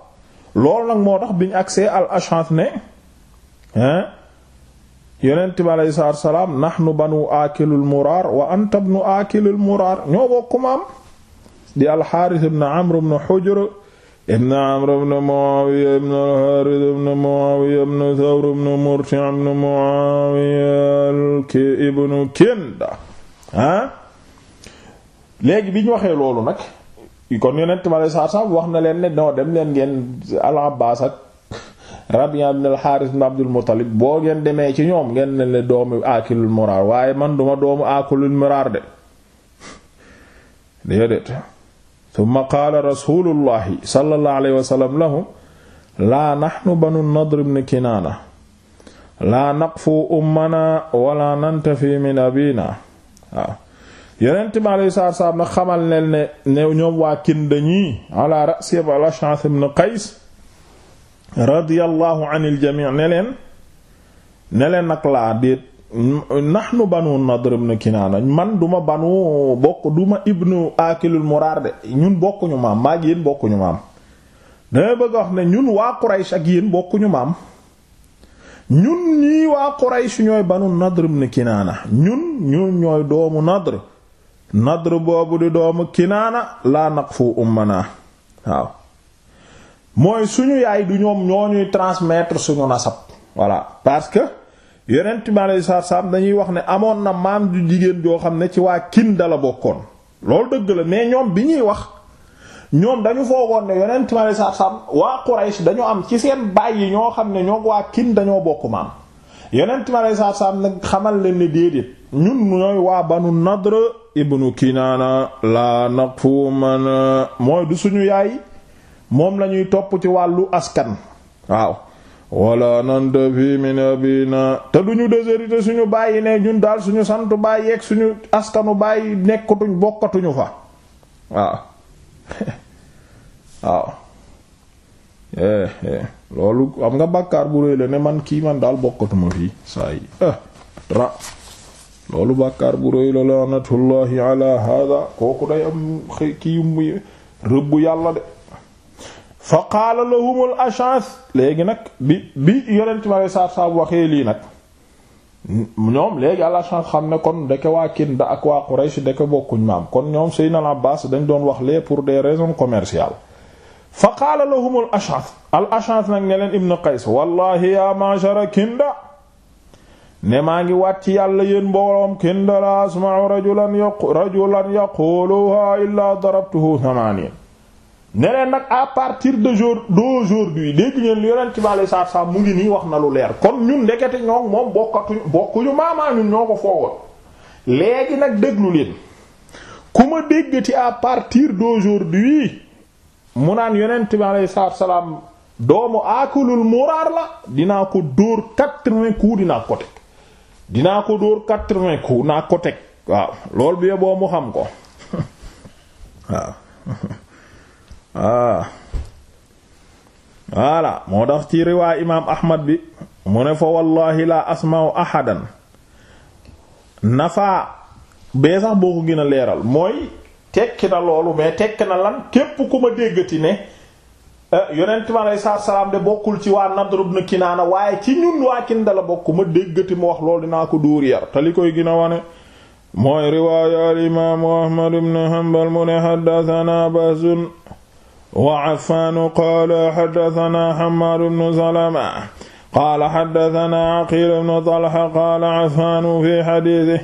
loolu nag moo tax biñ accès al ashant ne hein yonent bi alayhi salaatu wa salaam nahnu banu aakilul muraar wa anta bnu aakilil muraar ñoo bokk maam di alxaaris ibn amr ibn hujr ibn amr ibn muawiya ibn alxaaris ibn muawiya ibn thawr ibn murti ibn muawiya ibn kinda ah léegi bi ñu waxee loolu nag kon wax na leen ne noo dem Rabi'a ibn al-Harith ibn Abdul Muttalib boo ngeen demee ci ñoom ngeen ne le doomu akilul muraar waaye man duma doomu akilul muraar de déedéet tumma qaala nahnu banu Nadr ibn Kinaana laa naqfu ummana wala nantafi mi alei saatu salaam nag xamal nel ñi ala ra'si al-Ash'ath ibn Qays radiyallahu anil jamii ne leen ne nag laa déet nahnu banu Nadr ibn Kinaana man duma banu bokk duma ibnu akilul muraar de ñun bokkuñu maam maa yéen bokkuñu maam dama bëgg wax ne ñun waa Quraysh ak yéen bokkuñu maam ñun ñii waa Quraysh ñooy banu Nadr ibn Kinaana ñun ñun ñooy doomu Nadr Nadr boobu di doomu Kinaana laa naqfu ummanaa waaw mooy suñu yaay du ñoom ñoo ñuy transmettre suñu nasab voilà parce que yonent bi alayhi salaam dañuy wax ne amoon na maam du jigéen joo xam ne ci waa Kinda la bokkoon loolu dëgg la mais ñoom bi ñuy wax ñoom dañu foogoon ne yeneen bi alayhi salaam waa Quraysh dañu am ci seen bàyyi ñoo xam ne ñoom waa kin dañoo bokk maam yeneen bi alayhi salaam nag xamal leen ne déedéet ñun ñooy waa Banu Nadr ibnu Kinaana la naqfuman mooy du suñu yaay. moom la ñuy topp ci wàllu askan waaw wala nantafi min abina te duñu déshérité suñu bàyyi ne ñun daal suñu santu bàyyi yeeg suñu askanu bàyyi nekkatuñ bokkatuñu fa waaw waaw eh, eh. loolu am nga bàkkaar bu réy la ne man kii man daal bokkatuma fii saa yi eh, loolu bàkkaar bu réy la laanatullahi ala kooku day am kii rëbb yàlla de fa qaala lahum al ash'ath léegi nag bi bi yonent ma lay saab saab waxee lii nag ñoom léegi al ash'ath xam ne kon deke waa Kinda ak waa Quraysh deke bokkuñ maam kon ñoom Seydina al Abbaas dañ doon wax lee pour de raisons commerciales fa qaala lahum al ash'ath al ash'ath nag ne leen ibnu Qays wallahi yaa ma'shara Kinda ne maa ngi waat ci yàlla yéen mbooloom Kinda la asma'u rajulan yaqulu rajulan yaquluha illa darabtuhu thamanin ne nag à partir de jour d'aujourd'hui dégg ngeen li yonent bi alayhi salaatu salaam mu ngi nii wax na lu leer kon ñun ndekete ñoo moom bokkatuñu bokkuñu maamaa ñun ñoo ko foogoon léegi nag déglu leen ku ma déggati à partir d'aujourd'hui mu naan yonent bi alayhi salaam doomu aakulul muraar la dinaa ko dóor quatre-vingts coups dinaa ko teg dinaa ko dóor quatre-vingts coups naa ko teg waaw loolu bi boo mu xam ko waaw ah. voilà moo tax ci riwaay imaam ahmad bi mu ne fa wallahi la asma'u ahadan nafa bee sax boo ko gën a leeral mooy tekki na loolu mais tekki na lan képp ku ma déggati ne eh, yonent mi aleyhi salaatu salaam de bokkul ci waa Nadr Kinaana waaye ci ñun waa Kinda la bokk ma déggati mu wax loolu dinaa ko dóor yar te koy gën a wane mooy riwaaya al imaamu ahmad ibn Hanbal mu ne haddathana Bahzun wa Affaan qaala haddasanaa Hammaad ibnu Salama qaala haddasanaa Aqiil ibnu Talha qaala Affaan fii hadiisihi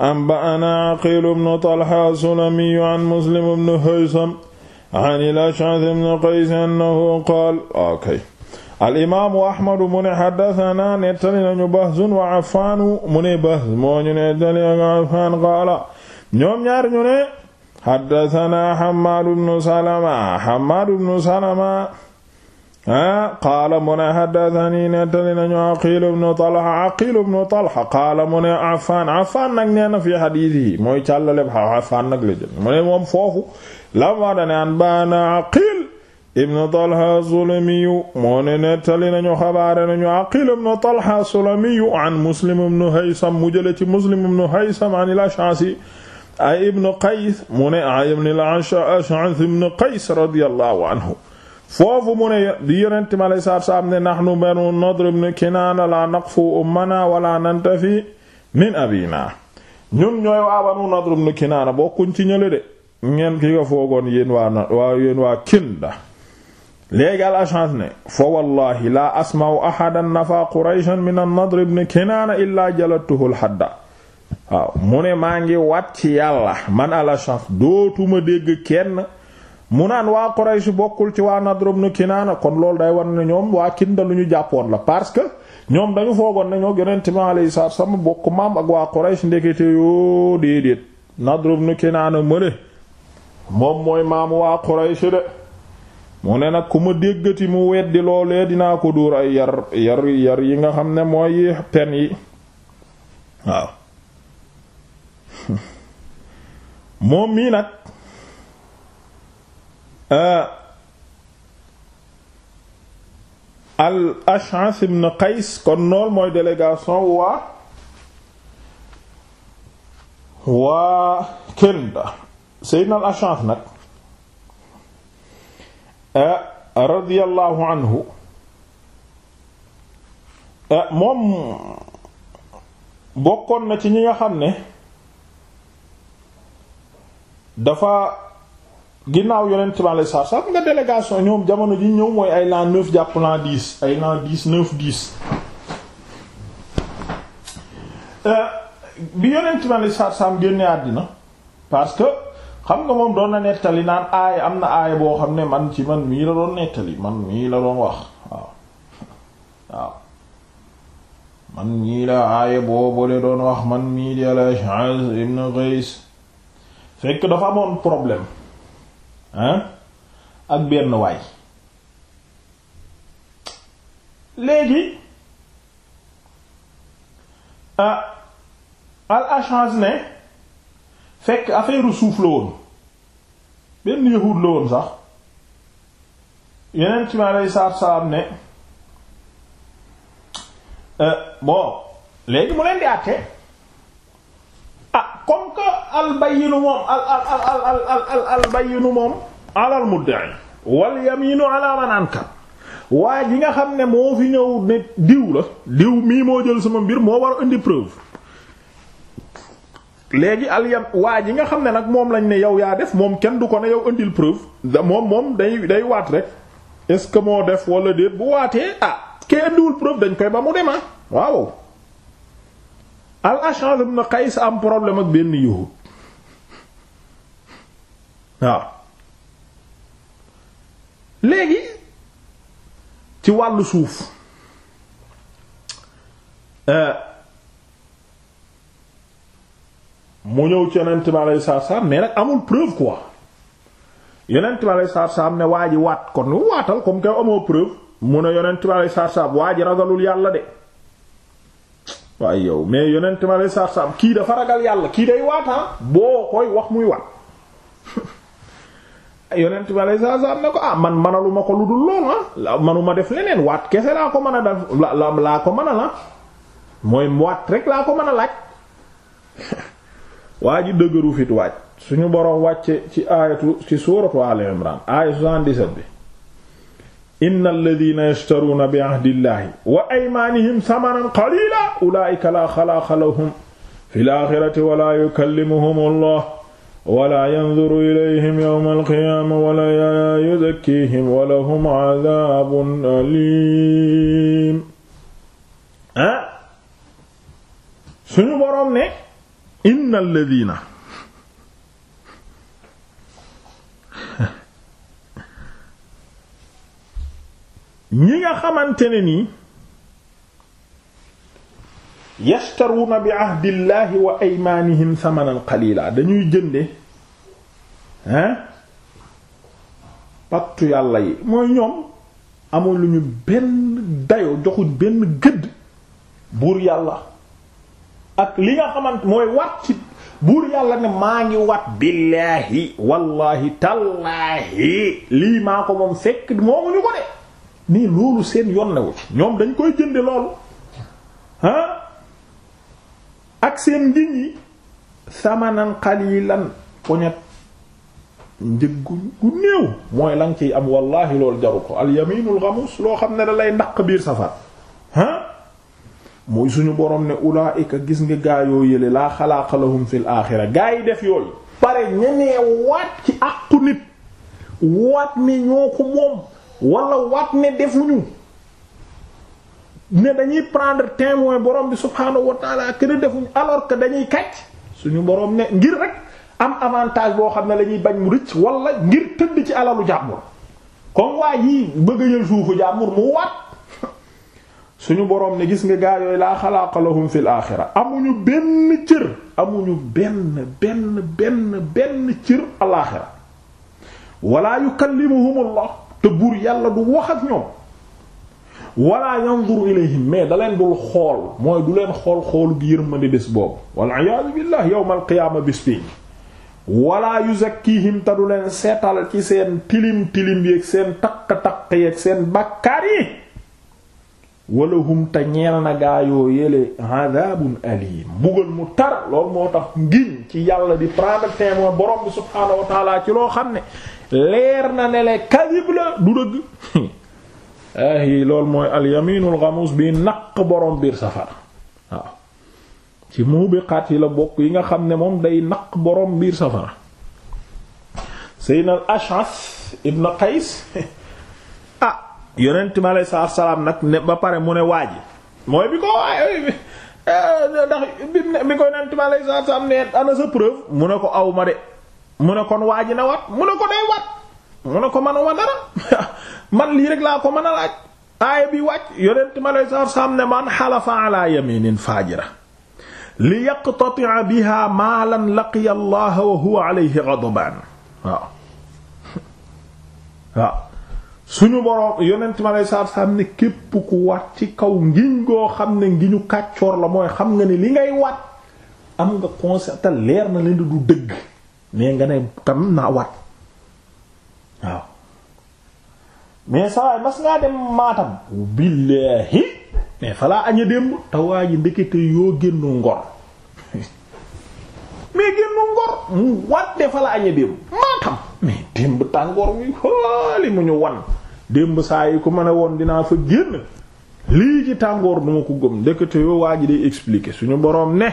anba'anaa Aqiil ibnu Talha as-Sulamiyyu an Muslim ibnu Haysam an al-Ash'ath ibnu Qays annahu qaala okay al-imaamu Ahmad mu ne haddasanaa nettali nañu Bahz wa Affaan mu ne Bahz moo ñu nettali ak Affaan qaala ñoom ñaar ñu ne xaddatana xamadu bnu salama xamadu bnu salama ah qaala mu ne xaddatani nettali nañu aqilu bnu talxa aqilu bnu talxa qaala mu ne afaan afaan nag nee na fi xadiis yi mooy càllaleb a afaan nag la jël mu ne moom foofu la ma dane an baana aqil ibnu talxa sulamiyu moo ne nettali nañu xabaare nañu aqil ibnu talxa sulamiyu an muslim ibnu haysam mu jële ci muslim ibnu haysam an al-Ash'asi ay ibn qays mu ay ibn al-Ash'ath ibn qays radiyallahu anhu foofu mu ne di yonente mi alei saatu salaam ne banu Nadr ibn Kinaana la naqfu ummana wala nantafi min abina ñun ñooy waa banu Nadr ibn Kinaana bokkuñ ci ñële de ngeen ki nga foogoon yéen waa na waa fa wallahi la asma'u ahadan nafa Qurayshan min an-Nadr ibn Kinaana illa jalattuhu al-hadda waaw mu ne maa ngi wat ci yàlla man la chaf dootuma dégg kenn mu naan waa Quraysh bokkul ci waa Nadr ibn Kinaana kon loolu day war na ñoom waa Kinda lu ñu jàppoon la parce que ñoom dañu foogoon ne ñoo yonent bi alayhi salaatu wassalaam bokk maam ak waa Quraysh ndekete yoo déedéet Nadr ibn Kinaana mëne moom mooy maamu waa Quraysh de mu ne nag ku ma déggati mu weddi loolee dinaa ko dóor ay yar yar yar yi nga xam ne mooy pen yi waaw moom mii nag euh, al Ash'ath ibn Qays kon nool mooy délégation waa waa Kinda Seydina al nag euh, radiyallahu anhu euh, moom bokkoon na ci ñi nga xam ne dafa ginnaaw yonent bi alayhi salaatu salaam nga délégation ñoom jamono ji ñëw mooy ay l'an neuf jàpp l'an dix ay l'an dix neuf dix euh, bi yonent bi alayhi salaatu salaam génne àddina parce que xam nga moom doon na nettali naan aaya am na aaya boo xam ne man ci man mii la doon nettali man mii la doon wax waaw waaw man mii la aaya boo boole doon wax man mii di al-Ash'ath ibn Qays fekk dafa amoon problème hein ak benn waay léegi ah al Ash'as ne fekk affaire suuf la woon benn yahuud la woon sax yeneen ci ma lay saar salaam ne eh, bon léegi mu leen di àtte comme que al bayyinu moom al al al al al al bayyinu moom alal mudda'i wal yaminu ala man ankar waa ji nga xam ne moo fi ñëw ne diw la diw mii moo jël sama mbir moo war a indi preuve léegi al yam waa ji nga xam ne nag moom lañ ne yow yaa def moom kenn du ko ne yow indil preuve da moom moom day day waat rek est-ce que moo def wala déet bu waatee ah kee indiwul preuve dañ koy ba mu dem ah. waaw. al a ibn Qays am problème ak benn yahud waaw léegi ci wàllu suuf euh, mu ñëw ci yonent bi alayhi salaatu salaam mais nag amul preuve quoi yonent bi alayhi salaatu salaam ne waaj ji waat kon waatal comme que amoo preuve mu ne yonent bi alayhi salaatu salaam waa ragalul yàlla de waaye yow mais yonent ma lay saar saam kii dafa ragal yàlla kii day waata ah, boo koy wax muy waat yonent ma lay saar saam ne ko ah man manaluma ko lu dul lool ah manuma def leneen waat kese laa ko mën a def laa ko mën a la mooy waat rek laa ko mën a laaj waa ji dëgëru fit waaj suñu borom wàcce ci aayatu ci suuratu Al Imran aaya 77 bi inna alladina yashtaruuna bi ahdillahi wa aymaanihim samanan qalila ulaika la xalaaqa lahum fi laaxirati wala yukallimuhum allah wala yanzuru ilayhim yawma alqiyaama wala yuzakkiihim walahum azaabun aliim ah suñu boroom ne inna alladina ñi nga xamante ne nii yashtaruuna bi ahdillahi wa aymaanihim samanan qalila dañuy jënde hein pattu yàlla yi mooy ñoom amul lu ñu benn dayo joxuñ benn gëdd buur yàlla ak li nga xamante mooy wat buur yàlla ne maa ngi wat billaahi wallaahi tallaahi lii maa ko moom fekk moomuñu ko de mais loolu seen yoon newu ci ñoom dañ koy jënde loolu ah ak seen ngiñ yi samanan qalilan poñet njëg gu mooy lan ciy am wallahi loolu jaru ko al yaminul loo xam ne da lay ndax biir safar ah muy suñu borom ne ulaika gis nga gaayoo yële laa xalaaqa lahum fil axira gaa yi def yooyu pare ñenee waat ci àqu nit waat ni ñoo ko moom wala waat ne defuñu ne dañuy prendre témoin borom bi subhaanahu wa taala que ne defuñu alors que dañuy kàcc suñu boroom ne ngir rek am avantage boo xam ne la bañ mu rëcc walla ngir tëdd ci alalu jàmbur comme waa yii bëgg a jël jàmbur mu waat. suñu boroom ne gis nga gaa yooyu laa xalaaqa lahum fil aaxira amuñu benn cër amuñu benn benn benn benn cër alaaxira wala yukallimuhumullah te buur yàlla du wax ak ñoom wala yanzuru ilayhim mais da leen dul xool mooy du leen xool xoolu gi yërmande bés boobu waliyasu billah yawmal qiyaama bés bi wala yuzakkihim te du leen seetal ci seen tilim tilim yeeg seen taq-taq yeeg seen bàkkaar yi walahum te ñeel na gaayoo yéle adabun alim mbugal mu tar loolu moo tax ngiñ ci yàlla di prendre témoin borom bi subhaanahu wa ci loo xam ne leer na ne le kadib la du dëgg ayi eh, loolu mooy alyaminul xamuus bi naq borom biir safara waaw ci muubiqaat yi la bokk yi nga xam ne moom day naq boroom biir safara seydna al ash'as ibn qays ah yonent mi aleyhi salaatu nag ne ba pare mu ne waaji mooy bi ko waaye eh, eh, ndax bi bi ko yonent mi aleyhi salaatu ne ana sa preuve mu ne ko aw ma de mu ne kon waa ji na wat mu ne ko day wat mu ne ko manuma dara man lii rek laa ko mën a laaj aaya bi wàcc yonent ma lay saar saam ne man xalafa ala yaminin faajira li yaqtatia biha maalan laqiya allah wa huwa alayhi ghadban waaw waaw suñu yonent ma lay saar saam ne képp ku wat ci kaw ngiñ goo xam ne ngi ñu kàccoor la mooy xam nga ne li ngay wat am nga constaté leer na leen du dëgg mais nga ne tam naa wat waaw mais sawaay mas ngaa dem maatam billaahi mais falaa aña démb tawaa ji ndekete yoo génnu ngor mais génnu ngor mu watte falaa aña démb maatam mais démb tàngoor wi xaali mu ñu wan démb saa yi ku ma ne woon dinaa fa génn lii ci tàngoor duma ko gëm ndekete yoo waa ji day expliquer suñu boroom ne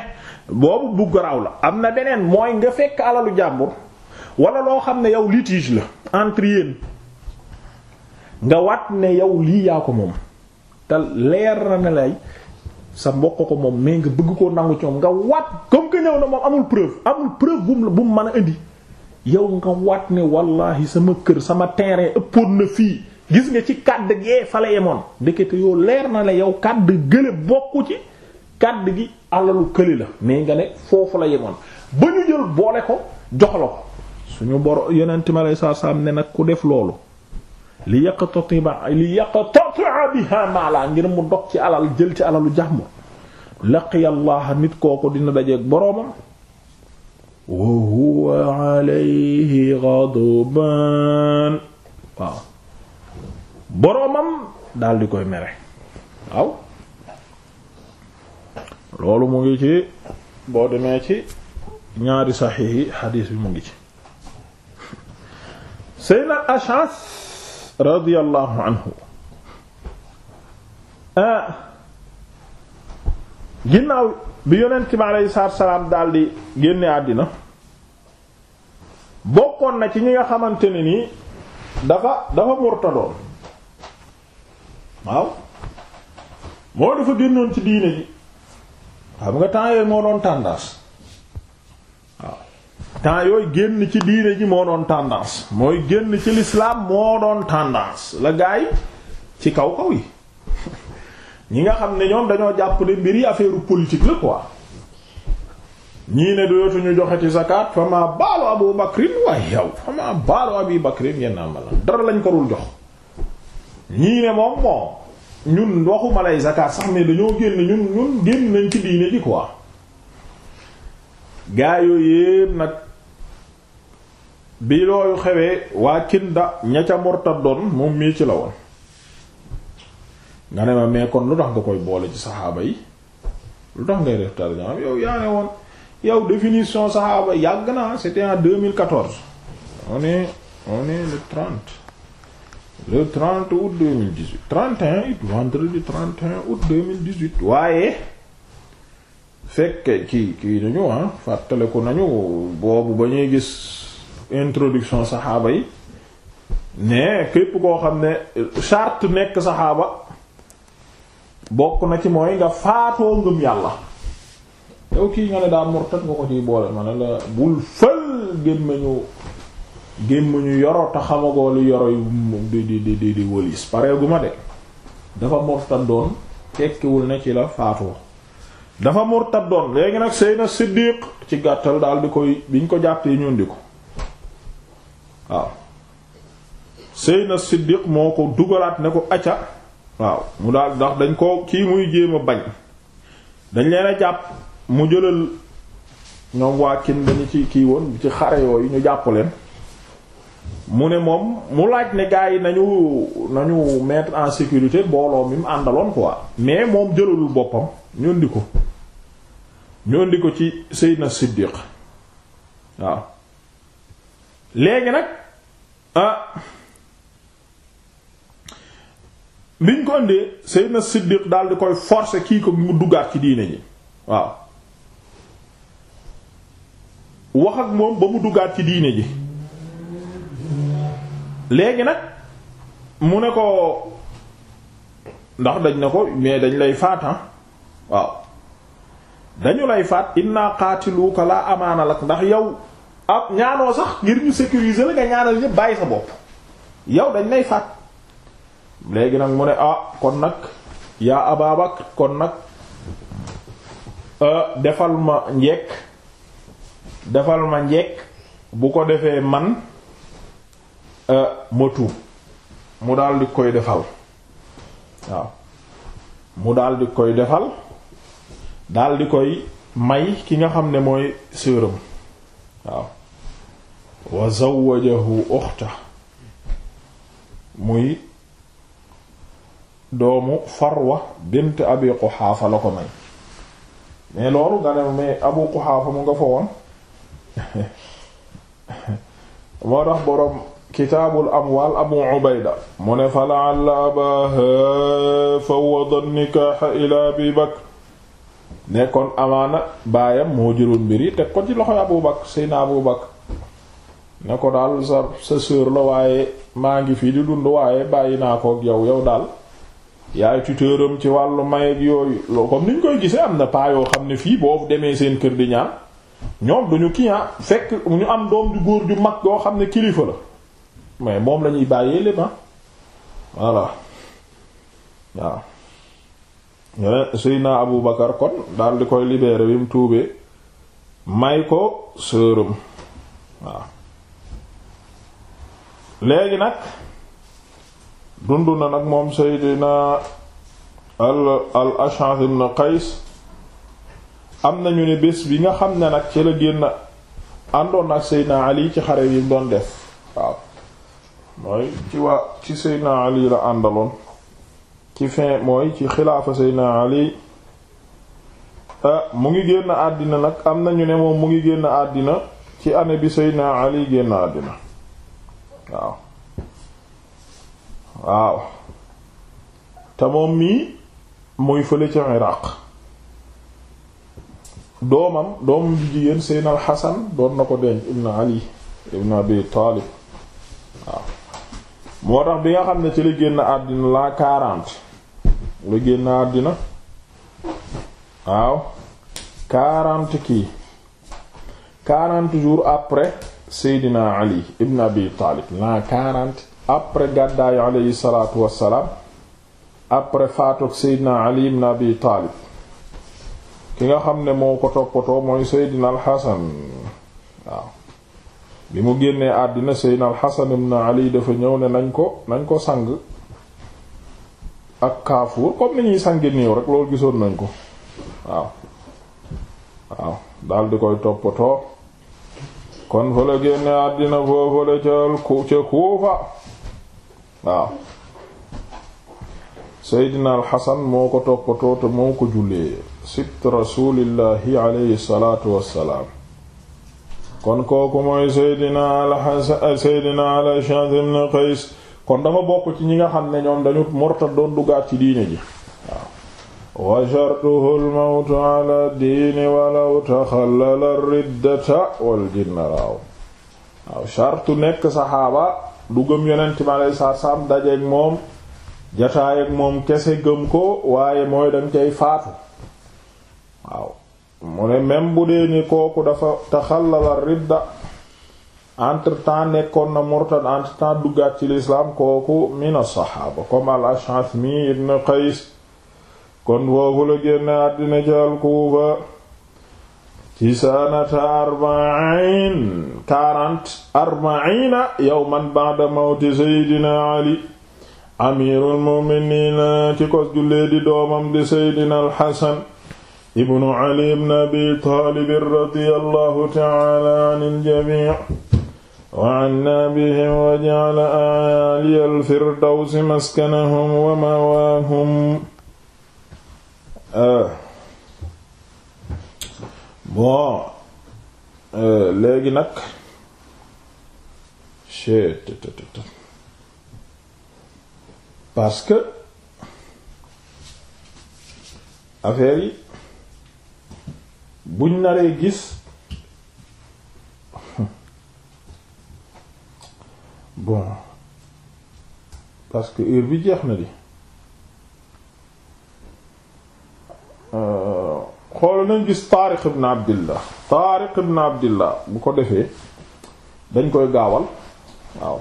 boobu bu garaaw la am na beneen mooy nga fekk alalu jàmbur wala loo xam ne yow litige la entre yéen nga wat ne yow lii yaa ko moom te leer na ne lay sa mbokk ko moom mais nga bëgg koo nangu ci moom nga wat comme que ñëw na moom amul preuve amul preuve bu mu bu mën a indi yow nga wat ne wallahi sama kër sama terrain ëppoon na fii gis nga ci kàdd gee fa la yemoon ndekete yoo leer na la yow kàdd gële bokku ci kàdd gi alalu këli la mais nga ne foofu la yemoon ba ñu jël boole ko jox la ko suñu boro yonent mi aleyhi salaatu ne nag ku def loolu li yaqtatiba li yaqtatia biha maala ngir mu dog ci alal jël ci alalu jàmm laqiya llaha nit kooku dina dajeeg boroomam wa huwa alayhi ghadban waaw boroomam daal di koy mere waaw loolu mu ngi ci boo demee ci ñaari saxiix xadiis bi mu ngi ci seydna Ash'as radiyallahu anhu ah, ginnaaw bi yonent bi aleyhi salaatu salaam daldi génne àddina bokkoon na ci ñi nga xamante ne nii dafa dafa murtadoon waaw moo dafa génnoon ci diine ji xam nga temps yooyu moo doon tendance génn ci diine ji moo doon tendance mooy génn ci lislaam moo doon tendance la gaay ci kaw kaw yi ñi nga xam ne ñoom dañoo jàpp ne mbir yi affaire politique la quoi ñii ne dootuñu joxe ci zakat fama baalu Abu Bakrin waaye yow fama baalu Abi Bakrin yenn am dara lañ ko dul jox ñii moom moom ñun waxuma lay zakat sax ne dañoo génn ñun ñun génn nañ ci diine ji quoi gaa yooyu nag bi looyu xewee waa Kinda ña ca murtad doon moom mii ci la woon nga ne ma mais kon lu tax nga koy boole ci saxaaba yi lu tax ngay def tarjama yow yaa ne woon yow définition saxaaba yàgg na c'était en 2014 on est on est le 30 le 30 out 2018 31 août vendredi 31 août 2018 waaye fekk kii kii nañu ah fàttaliku nañu boobu ba ñuy gis introduction saxaaba yi ne képp koo xam ne chart nekk saxaaba bokk na ci mooy nga faatoo ngëm yàlla yow kii nga ne daa murtad nga ko ciy boole ma ne la bul fël gémmeñu gémmuñu yoro te xamagoo lu yoro di di di di wëlis pare gu ma de dafa murtad doon tekkiwul ne ci la faatoo dafa murtad doon léegi nag na Siddiq ci gàttal daal di koy biñ ko jàppee ñun di ko waaw na Siddiq moo ko dugalaat ne ko acca waaw mu daal ndax dañ koo kii muy jéem a bañ dañ leen a jàpp mu jëlal ñoom waa kin dañu ci kii woon ci xare yu ñu jàpp leen mu ne moom mu laaj ne gars yi nañu nañu mettre en sécurité mbooloo mi mu àndaloon quoi mais moom jëlalul boppam ñu indi ko ñu indi ko ci Seydina Siddiq waaw léegi nag ah biñ ko indee Seydina Siddiq daal di koy forcer kii ko mu duggaat ci diine ji waaw wax ak moom ba mu duggaat ci diine ji léegi nag mu ne ko ndax dañ ne ko mais dañ lay faata ah. waaw dañu lay faat inna qaatiluka la amaana lak ndax yow ab ñaanoo sax ngir ñu sécuriser la nga ñaanal ñépp bàyyi sa bopp yow dañ lay faat léegi nag mu ne ah kon nag yaa Abaa kon nag euh, defal ma njekk defal ma njekk bu ko defee man Euh, ma tuub mu daal di koy defal waaw mu daal di koy defal daal di koy may ki nga xam ne mooy sœuram waaw wa zawwajahu uxta muy doomu Farwa bint Abi Quhaafa la ko may mais loolu nga ne mais Abu Quhaafa mu nga fa woon moo tax boroom kitaabul amwaal abu ubayda mu ne fa la'alla abaaha fawwada nikaaha ila abi bakr ne amaana baayam moo jëloon mbir yi teg ko ci loxoy abu bakr seyna abu bakr ne ko daal sa sa la waaye maa ngi fii di dund waaye bàyyi naa ko ak yow yow daal yaay tuteuram ci wàllu may ak yooyu loo comme niñ koy gisee am na paa xam ne fii boobu demee seen kër di ñaan ñoom duñu kii ah, fekk ñu am doom ju góor ju mag yoo xam ne kilifa la mais moom lañuy bàyyee lépp ah. voilà waaw Seydina Abu Bakar kon daal di koy libéré bi mu tuubee may ko sëram waaw léegi nag dund na nag moom Seydina al al Ash'ath ibn Qays am nañu ne bés bi nga xam ne nag ci la génn àndoon ak Seydina Ali ci xare yi mu doon def waaw mooy ci waa ci Seydina Ali la àndaloon ci fin mooy ci xilaafa Seydina Ali ah, mu ngi génn àddina nag am nañu ne moom mu ngi génn àddina ci année bi Seydina Ali génn àddina waaw waaw moom mii muy fële ca Iraq doomam doomam ju jigéen Seydina Al Hasan na ko denc ibn Ali ibn Abi Talib waaw moo tax bi nga xam ne ci la génn àddina la quarante la génn àddina waaw quarante kii quarante jours après Seydina Ali ibn Abi Taalib la quarante après gàddaayu aleyhi salaatu wassalaam après faatoog Seydina Ali ibn Abi Taalib ki nga xam ne moo ko toppatoo mooy Seydina al Hasan waaw bi mu génnee àddina seydna alxasan ibn ali dafa ñëw ne nañ ko nañ ko sang ak kaafuur comme ni ñuy sangi niiw rek loolu gisoon nañ ko waaw waaw daal di koy toppatoo kon fa la génne àddina foofu la ca kuufa waaw seydina alxasan moo ko toppatoo te moo ko jullee sibt rasulillahi alayhi salaatu wassalaam kon kooku mooy Seydina al Seydina al-Ash'ath ibn kon dafa bokk ci ñi nga xam ne ñoom dañu murtad doon dugaat ci diine ji waaw wa shartuhu al ala diini walaw taxallala riddata wal jinna raaw waaw shartu nekk saxaaba du gëm yonent mi aleyhi salaatu dajeek moom jataay moom kese gëm ko waaye mooy dañ cay faatu waaw mu ne même bu dee ni kooku dafa taxallala entre temps nekkoon na murtad entre temps duggaat ci lislaam kooku min as-saxaaba comme al-Ash'ath ibn Qays kon foofu la génn àddina ci al-Kuufa ci sanata arbain quarante Seydina Ali amirul mu'miniin ci kos jullee di doomam di Seydina al-Hasan ibnu ali ibn abi taalib radiyallahu ta'ala anil jamii wa anna bihim wa ja'ala a'aliyal firdawsi maskanahum wa mawaahum bon léegi nag parce que affaire yi buñ naree gis bon parce que heure bi jeex na di euh, xool nañ gis Taariq ibn Abdillah Taariq ibn Abdillah bu ko defee dañ koy gaawal waaw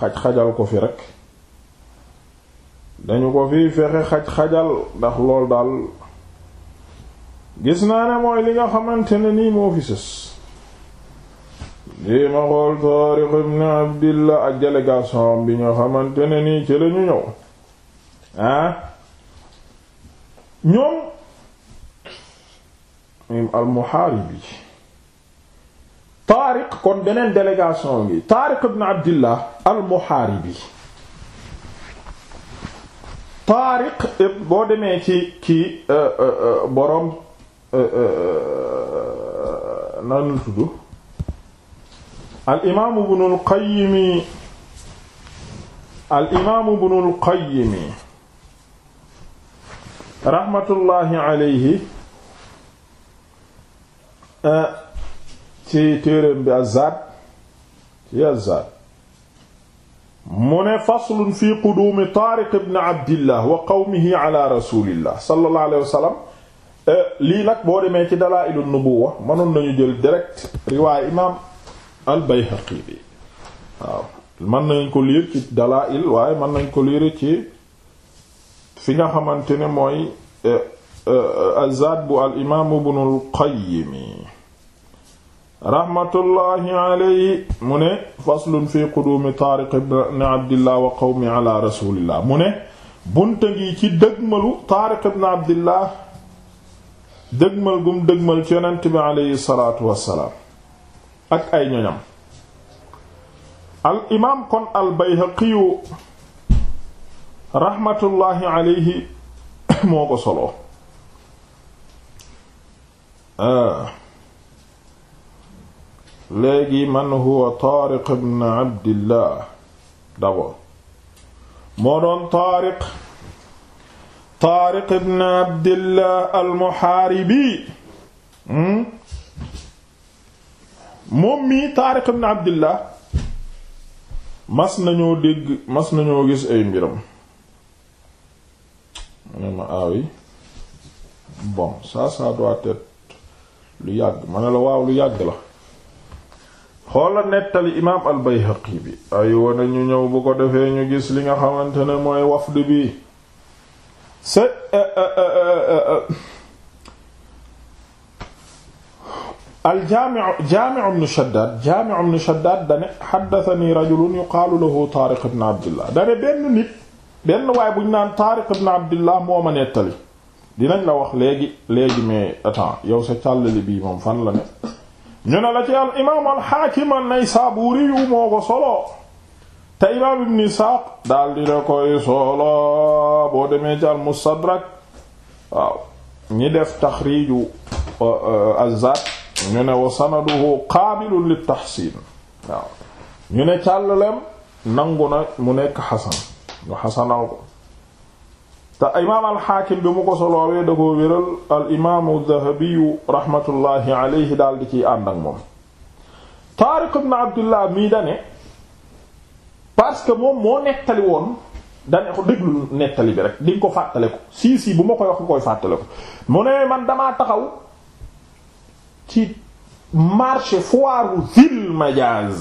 xaj-xajal ko fi rek dañu ko fi fexe xaj-xajal ndax lool daal gis naa ne mooy li nga xamante ne nii moo fi sës lii ma xool Taariq ibn Abdillah ak délégation bi nga xamante ne nii ci lañu ñëw ah ñoom im Taariq kon beneen délégation bi Taariq ibn Abdillah al-Muhaaribi Taariq boo demee ci ci euh, euh, euh, boroom Euh, euh, euh, nan la tudd al imaam ibnu al qayyim al imaam ibnu al qayyim raxmatullaahi alayhi ci téereem bi azzaad ci azzaad mu ne faslun fi quduumi taariq ibn abdillah wa qawmihi ala rasulillah sallallahu alayhi wa sallam Euh, lii nag boo demee ci Dalaa'ilun Nubuwwa mënoon nañu jël direct riwaay imaam al-Bayhaqi bi waaw mën nañ ko liir ci waaye mën nañ ko liir ci fi nga xamante ne mooy euh, euh, azad bu al imaam Ibnul Qayyim rahmatullahi mu ne faslun fi quduumi Taariq ibn Abdillah wa qawmi ala rasulillah mu ne bunta ngi ci dëgmal gum dëgmal ci yonent bi aleyhi salaatu ak ay ñoñam al imaam kon al bayhaqiyu raxmatullaahi aleyhi moo ko solo ah. léegi man huwa taariq ibn abdillah d'abord moo doon taariq Taariq ibn Abdillah al-Muhaaribi hmm? moom mii Taariq ibn Abdillah mas nañoo dégg mas nañoo gis ay mbiram ma ne ma aawi ah bon ça ça doit lu yàgg ma ne la waaw lu yàgg la xoola nettali imaam al-Bayhaqi bi ay wane ñu ñëw bu ko defee ñu gis li nga xamante ne mooy wafd bi sa e, e, e, aljaamiu jaamiu ibn Shaddaad jaamiu ibn Shaddaad dane haddathanii rajulun yuqaalu lahu Taariq ibn Abdillah dane benn nit benn waaye bu ñu naan Taariq ibn Abdillah moo dinañ la wax léegi léegi mais attends yow sa càllali bii moom fan la ne ñu ne la al imaam al Haakim an-Naysaabuuri moo ko te imaam ibn Isaaq daal dina koy solo boo demee ci al def taxriiju euh, azzaat ñu ne wa sanaduhu qaabilun lit-tahsiin waaw ñu ne càllaleem nangu na mu nekk xasan ñu xasanal ko te imaam al bi mu ko soloowee da ko wéral al-imaamu Dahabiyu rahmatullahi alayhi daal di ciy ànd ak moom Taariq ibn Abdullah mii dane parce que moom moo nettali woon dane ko déglu nettali bi rek di nga ko fàttale ko bu ma ko wax koy fàttale ko mu ne man damaa taxaw ci marché foiru zil majaz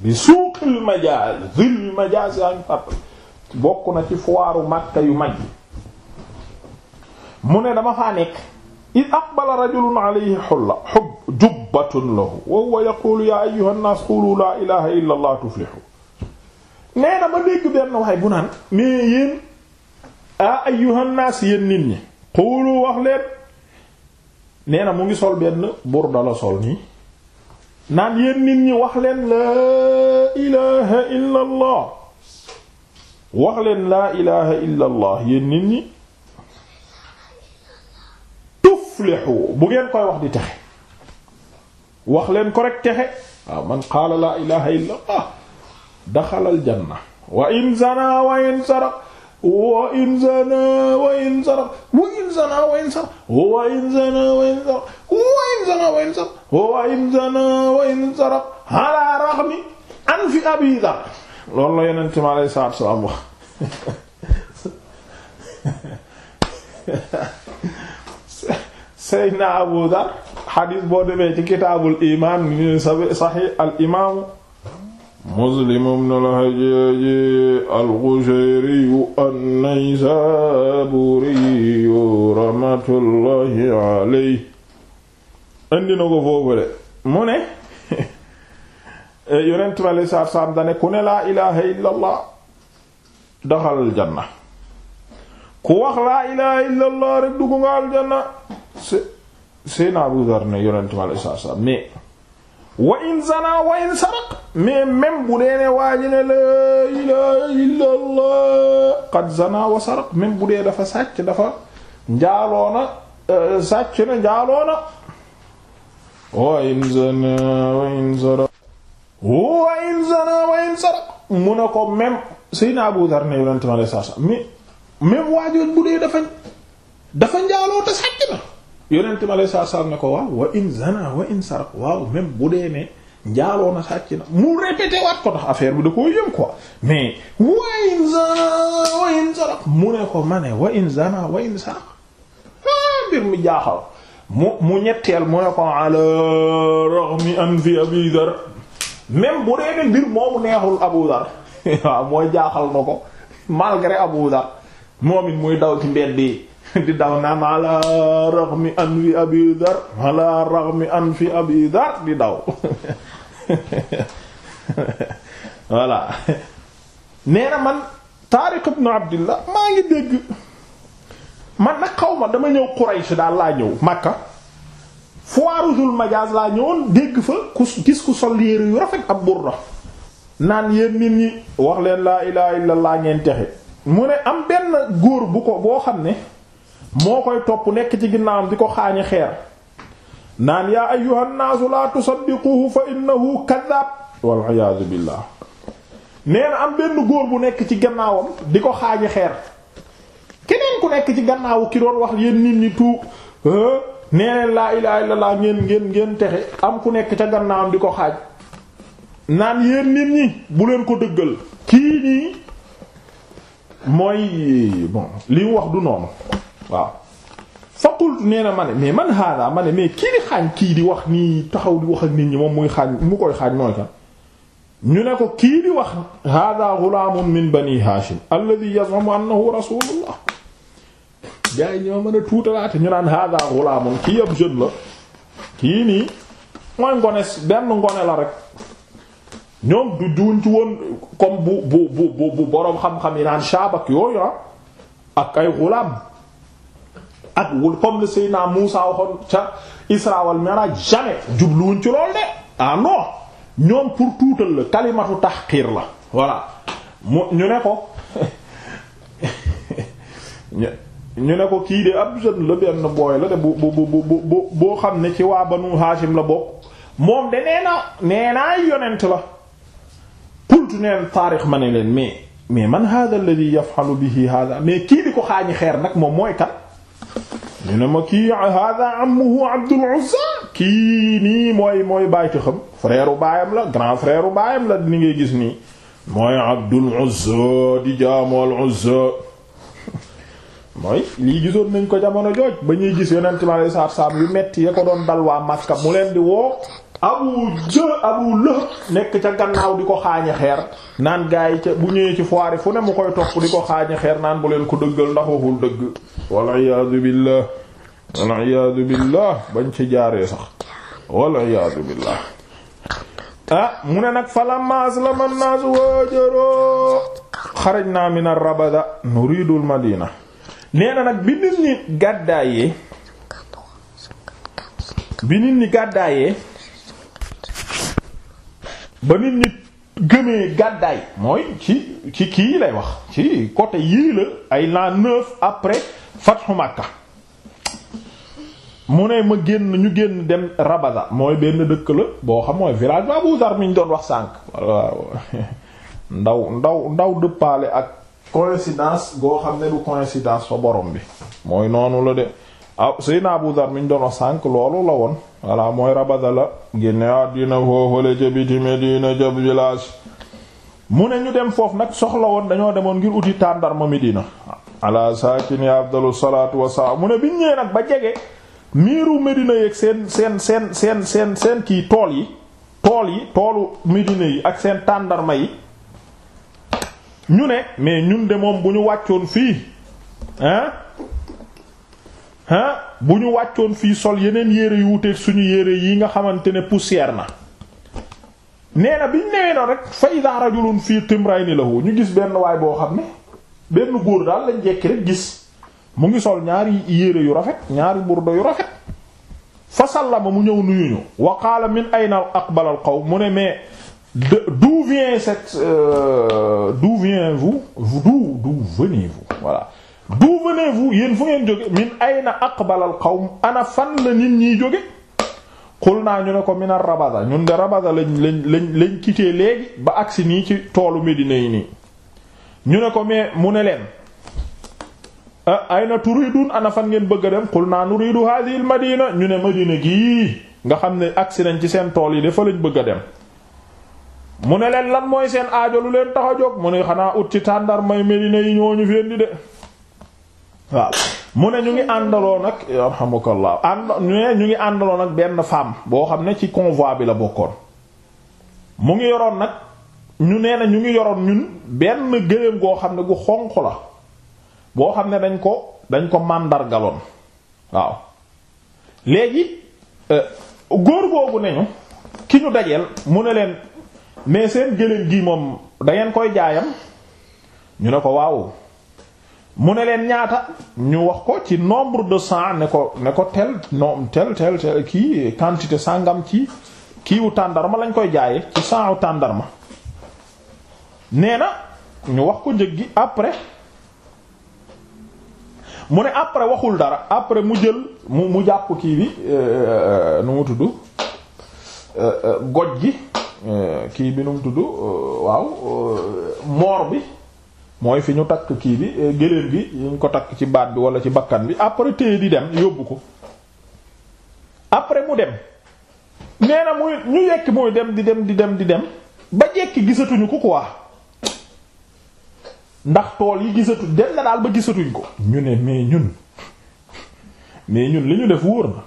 bi suuqil majaz zil majaz yaa ngi fàttali bokk na ci foiru Makka yu mag yi mu ne dama faa nekk id aqbala rajulun alayhi xulla xub jubbatun wa huwa ya ayyuha an-nas qulu la ilaha illa allah nee na ma dégg benn waay bu naan mais yéen a ayyuhan naas yéen nit ñi xuulu wax leen nee mu ngi sol benn burda la sol nii naan yéen nit ñi wax leen laa ilaha illa allah wax leen laa ilaha illa allah nit ñi tuflixu bu ngeen koy wax di texe wax leen ko rek texe waaw man qaala laa ilaha illa daxalal janna wa in zana wa in saraq wa in zana wa in saraq wa in zana wa in saraq wa in zana wa in saraq wa in zana wa in saraq wa in zana wa in saraq ala raxmi an fi abi dar loolu la yonent mi alayhi salaatu wa salaam wax Seydina Abu Dar xadiis boo demee ci kitaabul imaan ni sahih al imaamu muslim ibn al-Hajjaj al-Qushayri an rahmatullahi alayhi indi na ko foofule mu ne yonent bi alei dane ku ne laa ilaha illa allah daxalal ku wax laa ilaha illa allah rek nga aljanna s seyna Abu Dharr ne yonent bi alei saatu wa in zana wa in saraq mais bu dee ne waa ji ne laa ilaaha illallah qad zana wa saraq même bu dee dafa sàcc dafa njaaloona euh, sàcc na njaaloona wa in zana wa in saraq wa in zana wa in saraq mu ko même Seydina Abu Dhar ne yonent ma lay sàcc mais même bu dee dafa dafa njaaloo te yonent ma saam ne ko waaw wa in zana wa in sarq waaw même bu dee ne njaaloo na na mu répété waat ko tax affaire bi da koo yëm quoi mais wa in zana wa in sarq mu ne ko wa in zana wa in sarq ah mbir mi jaaxal mu mu ñetteel mu ne ko ala neexul abu dhar waaw jaaxal na ko malgré abu dhar moom it muy daw ci mbedd di daw naan ala raghmi an fi abi dar ala raghmi an fi abi dar di daw voilà nee na man Taariq ibn Abdillah maa ngi dégg man nag xaw ma dama ñëw Quraysh daal laa ñëw Makka foire Zul Majaz laa ñëwoon dégg fa ku gis ku sol yére yu rafet ab burda naan yéen nit ñi wax leen laa ilaha illallah ngeen texe mu ne am benn góor bu ko boo xam ne moo koy topp nekk ci ginnaawam di ko xaañi xeer naan yaa ay naasu laa tusaddiquhu fa innahu kaddaab wal iyaadu billaah nee na am benn góor bu nekk ci gannaawam di ko xaañi xeer keneen ku nekk ci gannaawu ki doon wax yéen nit ñi tu nee neen laa ilaaha illallaah ngeen ngeen ngeen texe am ku nekk ca gannaawam di ko xaaj naan yéen nit ñi bu leen ko dëggal kii nii mooy li mu wax du noonu waaw fa qultu nee na ma ne mais man hada ma ne mais kii di xaañ kii di wax nii taxaw di wax ak nit ñi moom muy xaañ mu koy xaañ mooy kan ñu ne ko kii di wax hada ghulamun min bani hashim alladhi yazamu annahu rasulullah gars yi ñoo mën a tuutalaate ñu naan hada ghulamun kii ab jeune la kii nii mooy ngone benn ngone la rek ñoom du juuñ ci woon comme bu bu bu bu boroom xam-xam yi naan shaabak yooyu ah, ak ay ghulaam ak comme le Seydina Muusaa waxoon ca Isra wal Mi'raj jamais lool de ah non ñoom pour tuutal la kalimatu tahqiir la voilà mu ñu ne ko ñu ne ko kii de ab jeune la benn booy la de bu bu bu bu boo xam ne ci waa Banu Haashim la bokk moom de nee na nee la qultu neen taarix ma ne leen mais mais man hada alladhi yaf'alu bihi hada mais kii ko xaañi xeer nag moom mooy kat ñu ne ma kii hada ammuhu Abdul Uzza kii nii mooy mooy bàyyi xam frère u baayam la grand frère baayam la ni ngay gis nii mooy Abdul Uzza di jaamu al Uzza mooy lii gisoon nañ ko jamono jooj ba ñuy gis yonent bi alayhi salaatu salaam yu metti ya ko doon dal waa Makka mu leen di woo abu jë abu lë nekk ca gannaaw di ko xaañi xeer naan gaa yi bu ñëwee ci foire fu ne mu koy topp di ko xaañi xeer naan bu leen ko dëggal ndax waxul dëgg wal iyaadu billah wal iyaadu billah bañ ci jaaree sax wal iyaadu billah ah mu ne nag falamma aslama an-naas wajaroo xarajna min ar-rabada nuriidul madina nee na nag bi nit ñi gàddaayee bi nit ñi gàddaayee ba nit ñi gëmee gàddaay mooy ci ci kii lay wax ci côté yii la ay l'an neuf après fathu Makka mu ne ma génn ñu génn dem Rabada mooy benn dëkk la boo xam mooy village ba Abu Zar mi ñu doon wax sànq waaw ndaw ndaw ndaw dëppaale ak coïncidence goo xam ne du coïncidence fa borom bi mooy noonu la de aw ah, Seydina Abu Dar mi ñu doon sànk loolu la woon voilà mooy rabada la génne àddina foofale ca biti Medina ca village mu ne ñu dem foofu nag soxla woon dañoo demoon ngir uti tàndarma Medina ala saakini afdalu salaatu wassalaam mu ne biñ ñëwee nag ba jege miiru Medina yeeg seen seen seen seen seen seen kii tool yi tool yi toolu Medina yi ak seen tàndarma yi ñu ne mais ñun de moom bu ñu wàccoon fii hein ah bu ñu wàccoon fii sol yeneen yére yu wuteeg suñu yére yi nga xamante ne poussière na nee na biñ newee noonu rek fa idaa rajulun fii timrayni lahu ñu gis benn waay boo xam ne benn góor daal lañ jekki rek gis mu ngi sol ñaari yére yu rafet ñaari burdo yu rafet la sallama mu ñëw nuyu ñu wa qaala min ayna aqbala al qawm mu ne mais d'où vient cette euh, d'où vient vous d'où d'où venez vous d'où venez-vous yéen fu ngeen jóge min ayna aqbala al qawm ana fan la nit ñiy jóge xul naa ñu ne ko min rabada ñun de rabada lañ lañ lañ lañ quitté léegi ba agsi nii ci toolu Médina yi nii ñu ne ko mais mu ne leen ayna turidun ana fan ngeen bëgg a dem xul naa nuridu hadhihi al madina ñu ne madina gii nga xam ne agsi nañ ci seen tool yi fa lañ bëgg a dem mu ne leen lan mooy seen aajo lu leen tax a jóg mu ne xanaa ut ci tàndar may Médina yi ñooñu feen di waaw mu ne ñu ngi àndaloo nag yarhamukallah ànd ñu ne ñu ngi àndaloo nag benn femme boo xam ne ci convoi bi la bokkoon mu ngi yoroon nag ñu nee na ñu ngi yoroon ñun benn gëléem goo xam ne gu xonq la boo xam ne dañ ko dañ ko màndargaloon waaw léegi euh, góor googu ne ki ñu dajeel mu ne leen mais seen gëléem gi moom dangeen koy jaayam ñu ne ko waaw mu ne leen ñaata ñu wax ko ci nombre de cent ne ko ne ko tel nom tel tel kii quantité sangam ci kiiwu tàndarma lañ koy jaaye ci cent tàndarma nee na ñu wax ko njëg gi après mu ne après waxul dara après mu jël mu jàpp kii bi nu mu tudd goj gi kii bi nu mu tudd waaw euh, moor bi mooy fi ñu takk kii bi eh, géléem gi ñu ko takk ci baat bi wala ci bakkan bi après téye di dem yóbbu ko après mu dem nee na muy ñu yekk mooy dem di dem di dem di dem ba gisatuñu ko quoi ndax tool yi gisatu dem na ba gisatuñ ko ñu ne mais ñun mais ñun li ñu def wóor na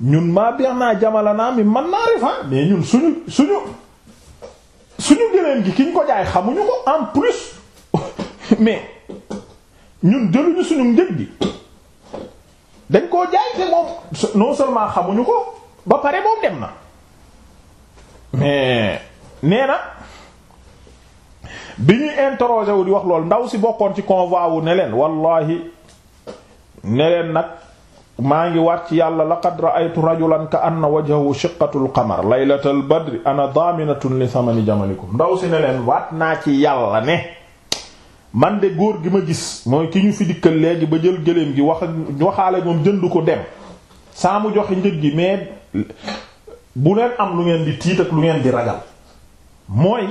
ñun maa beex naa jamala naa mi man naa refa ah. mais ñun suñu suñu suñu gëléem gi ki ñu ko jaay xamuñu ko en plus mais ñun jëluñu suñu njëg gi dañ koo jaay te moom non seulement xamuñu ko ba pare moom dem na mais nee na bi ñuy interroger wu di wax lool ndaw si bokkoon ci convoi wu ne leen wallahi ne leen nag maa ngi waat ci yàlla laqad ra'aytu rajulan ka anna wajhahu shiqqatul qamar laylatal badri ana sama ni samani ko ndaw si ne leen waat naa ci yàlla ne man de góor gi ma gis mooy ki ñu fi dikkal léegi ba jël gëléem gi wax waxaale moom jënd ko dem saamu mu joxe njëg gi mais bu leen am lu ngeen di tiit ak lu ngeen di ragal mooy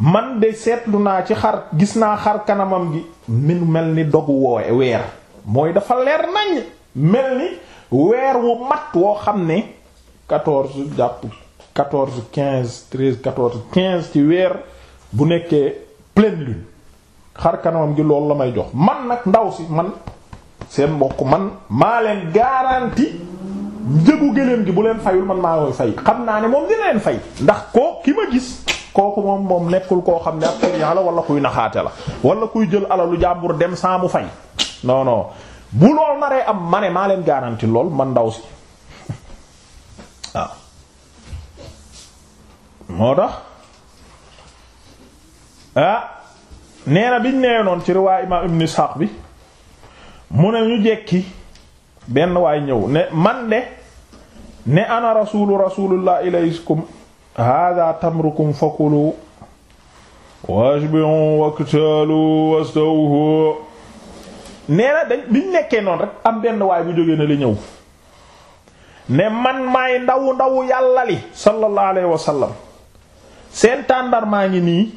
man de seetlu naa ci xar gis naa xar kanamam gi min mel ni dogu weer mooy dafa leer nañ mel ni weer wu mat woo xam ne quatorze jàpp quatorze quinze treize quatorze quinze ci weer bu nekkee pleine lune xar kanamam gi loolu la may jox man nag ndaw si man seen mbokk man maa leen garantie njëgu gëléem gi bu leen fayul man maa koy fay xam naa ne moom dina leen fay ndax koo ki ma gis kooku moom moom nekkul koo xam ne ab la wala kuy naxaate la wala kuy jël alalu jàmbur dem saa mu fay non non bu lool naree am ma maa leen garanti lool man ndaw si waaw ah. moo tax ah nee na noon ci riwaay imaam ibn Ishaq bi mu ne ñu jekki benn waay ñëw ne man de ne ana rasulu rasulullah ilaykum hada tamrukum fakulu washbi'u waktalu wastawhu nee na dañ biñ nekkee noonu rek am benn waay bu jógee na li ñëw ne man maay ndawu ndawu yàlla li sallallahu alayhi wa sallam seen tàndar maa ngi nii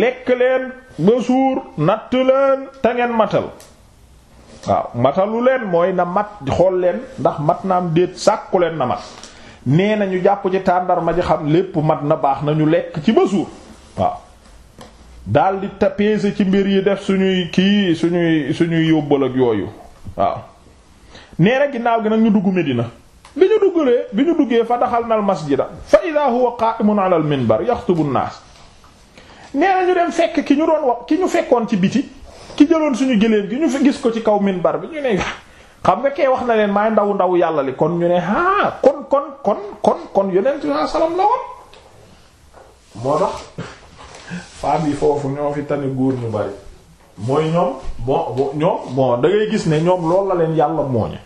lekk leen ba suur natt leen te matal waaw matalu leen mooy na mat xool leen ndax mat na am déet sàkku leen na mat nee na ñu jàpp ci tàndar ma ji xam lépp mat na baax na ñu lekk ci ba daal di tapéese ci mbir yi def suñuy kii suñuy suñuy yóbbal ak yooyu waaw nee na ginnaaw gi nag ñu dugg mi bi ñu duggalee bi ñu duggee fa daxal na al masjida fa idaa huwa qa'imun ala al minbar yaxtubu an-naas nee na ñu dem fekk ki ñu doon wax ki ñu fekkoon ci biti ki jëloon suñu gëléem gi ñu fi gis ko ci kaw minbar bi ñu ne xam nga kee wax na leen maay ndaw ndaw yàlla li kon ñu ne ah kon kon kon kon kon yonent sallallahu alayhi wasallam la woon moo tax femmes yi foofu ñoo fi tane góor ñu bari mooy ñoom bon ñoom bon da gis ne ñoom loolu la leen yàlla mooñe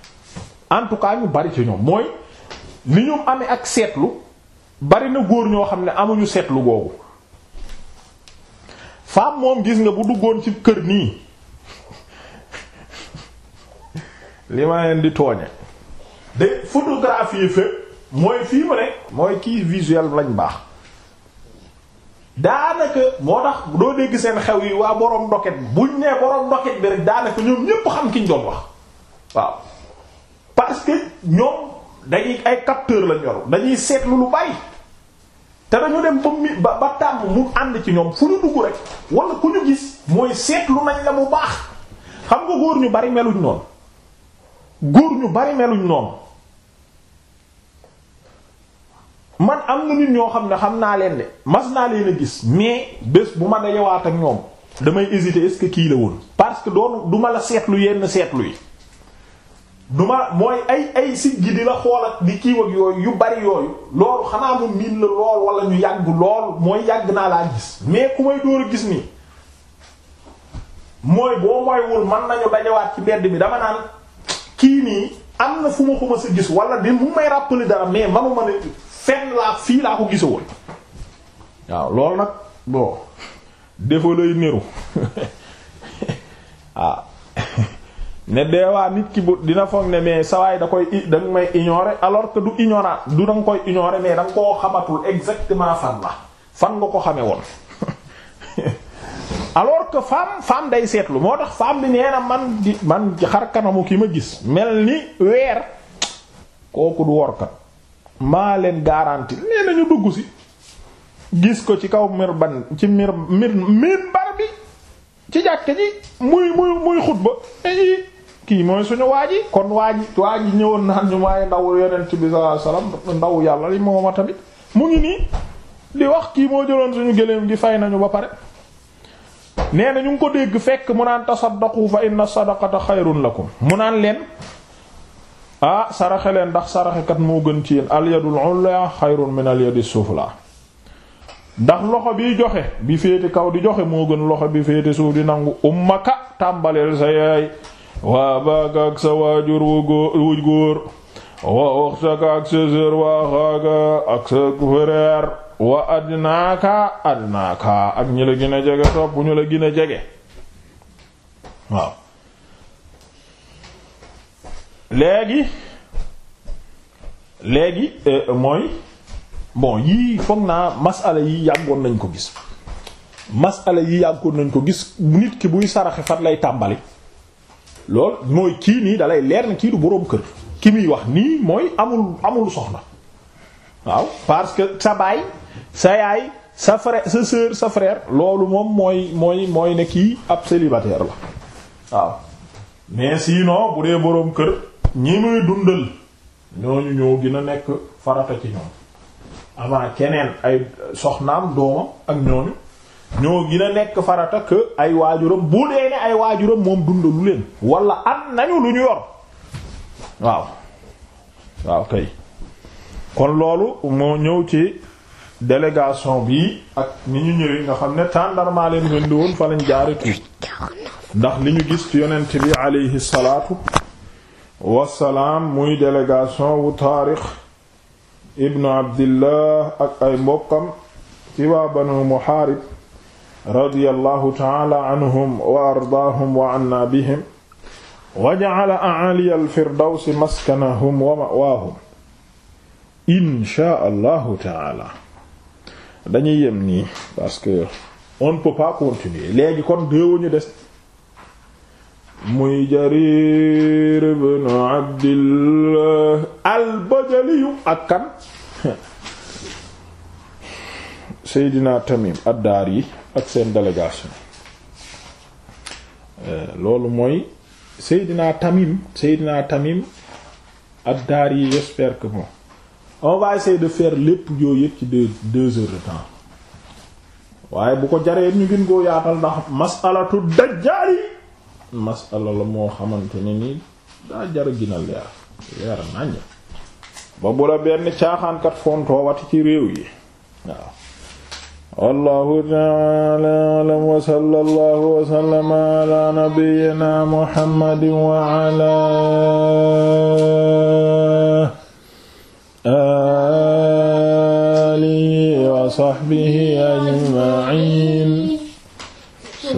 en tout cas ñu bari ci ñoom mooy ni ñu amee ak seetlu bari na góor ñoo xam ne amuñu seetlu googu femme moom gis nga bu duggoon ci kër nii li ma leen di tooñe de photographie fépp mooy fii mu ne mooy kii visuel lañ baax daanaka moo tax doo dégg seen xew yi waa borom ndoket buñ nee borom ndoket bi rek daanaka ñoom ñépp xam ki ñu doon wax waaw parce que ñoom dañuy ay capteur la yor dañuy seetlu lu bari te dañu dem ba mi ba ba mu ànd ci ñoom fu ñu dugg rek wala ku ñu gis mooy seetlu nañ la bu baax xam nga góor ñu bari meluñ noonu góor ñu bari meluñ noonu. man am na nit ñoo xam ne xam naa leen de mas naa leen a gis mais bés bu ma dajewaat ak ñoom damay hésiter est kii la woon parce que doon duma la seetlu yenn seetlu yi du ma mooy ay ay gi di la xool ak di kii yooyu yu bari yooyu loolu xanaa mu miin la lool wala ñu yàgg lool mooy yàgg naa laa gis mais ku may dóor a gis nii mooy boo moywul man nañu dajewaat ci mbedd bi dama naan kii nii am na fu ma ko mës a gis wala di mu may rappeler dara mais manuma ne fenn laa fii laa ko gisa waaw loolu nag bon defoo lay niru ah ne deewaa nit ki bu dina foog ne mais sawaay da koy da nga may ignorer alors que du ignorant du da koy ignorer mais da koo xamatul exactement fan la fan nga ko xame woon alors que femme femme day seetlu moo tax femme bi nee na man di man xar kanamu ki ma gis mel ni weer kooku du workat maa leen garanti nee nañu dugg si gis ko ci kaw mir ban ci mir mir minbar bi ci jàkke ji muy muy muy xutba i eh, eh. kii mooy suñu waa ji kon waa ji waa ñëwoon naan ñu waaye ndaw yonent bi sallallahu alayhi ndaw yàlla li moo ma tamit mu ngi nii di wax kii moo jëloon suñu gëléem gi fay nañu ba pare nee na ñu ngi ko dégg fekk mu naan tasaddaqu fa inna sadaqata xayrun ko mu naan leen ah saraxeleen ndax saraxekat moo gën ci yéen alyadul ulya xayrun min alyadis sufla ndax loxo bi joxe bi féete kaw di joxe moo gën loxo bi féete suuf di nangu ummaka tàmbaleel sa yaay waa baaka ak sa waajur wu góor wa uxtaka ak sa sœur wa axaaka ak sa frère wa adnaaka adnaaka ak ñu la gën jege topp ñu la gën jege waaw léegi léegi euh, mooy bon yii foog naa masala yi yàggoon nañ ko gis masala yi yàggoon nañ ko gis nit ki buy saraxe fan lay tàmbali lool mooy kii nii dalay leer na kii du boroom kër ki muy wax nii mooy amul amul soxna waaw parce que sa baay sa yaay sa frère sa sœur sa frère loolu moom mooy mooy mooy ne kii ab célibataire la waaw mais sinon bu dee boroom kër ñii muy dundal ñooñu ñoo gën a nekk farata ci ñoom avant keneen ay soxnaam doomam ak ñooñu ñoo gën a nekk farata que ay waajuram bu dee ne ay waajuram moom dundalu leen walla am nañu lu ñu yor waaw waaw kay kon loolu moo ñëw ci délégation bi ak ni ñu ñëwee nga xam ne tàndarmaa leen wëndi woon fa lañ jaare tuub ndax li ñu gis ci yonent bi alayhi salaatu wasalaam muy délégation wu taarix ibnu abdillah ay mbokkam ci waa banu muhaarib radiyallahu taala anhum wa ardaahum wa anna bihim wa al-firdawsi maskanahum wa ma'waahum inchaa allahu taala dañuy yem nii parce que on ne pas continuer léegi kon déewuñu des muy jarir ibn abdillah albajaliyu ak kan seydina tamim addaar yi ak seen délégation euh, loolu mooy seydinaa tamim seydina tamim addaar yi j'espère que bon on va essayer de faire lépp yooyu yëpp ci deux deux heures de temps waaye bu ko jaree ñu gën koo yaatal ndax masalatu dajjaal yi masala moo xamante ne ni daa jar a gina leer leer naññ ba bu la benn caaxaankat fontoo wati ci réew yi waaw wallahu ta'ala wa sallallahu wa sallama ala nabiyyina muhammadin wa ala wa sahbihi ajma'in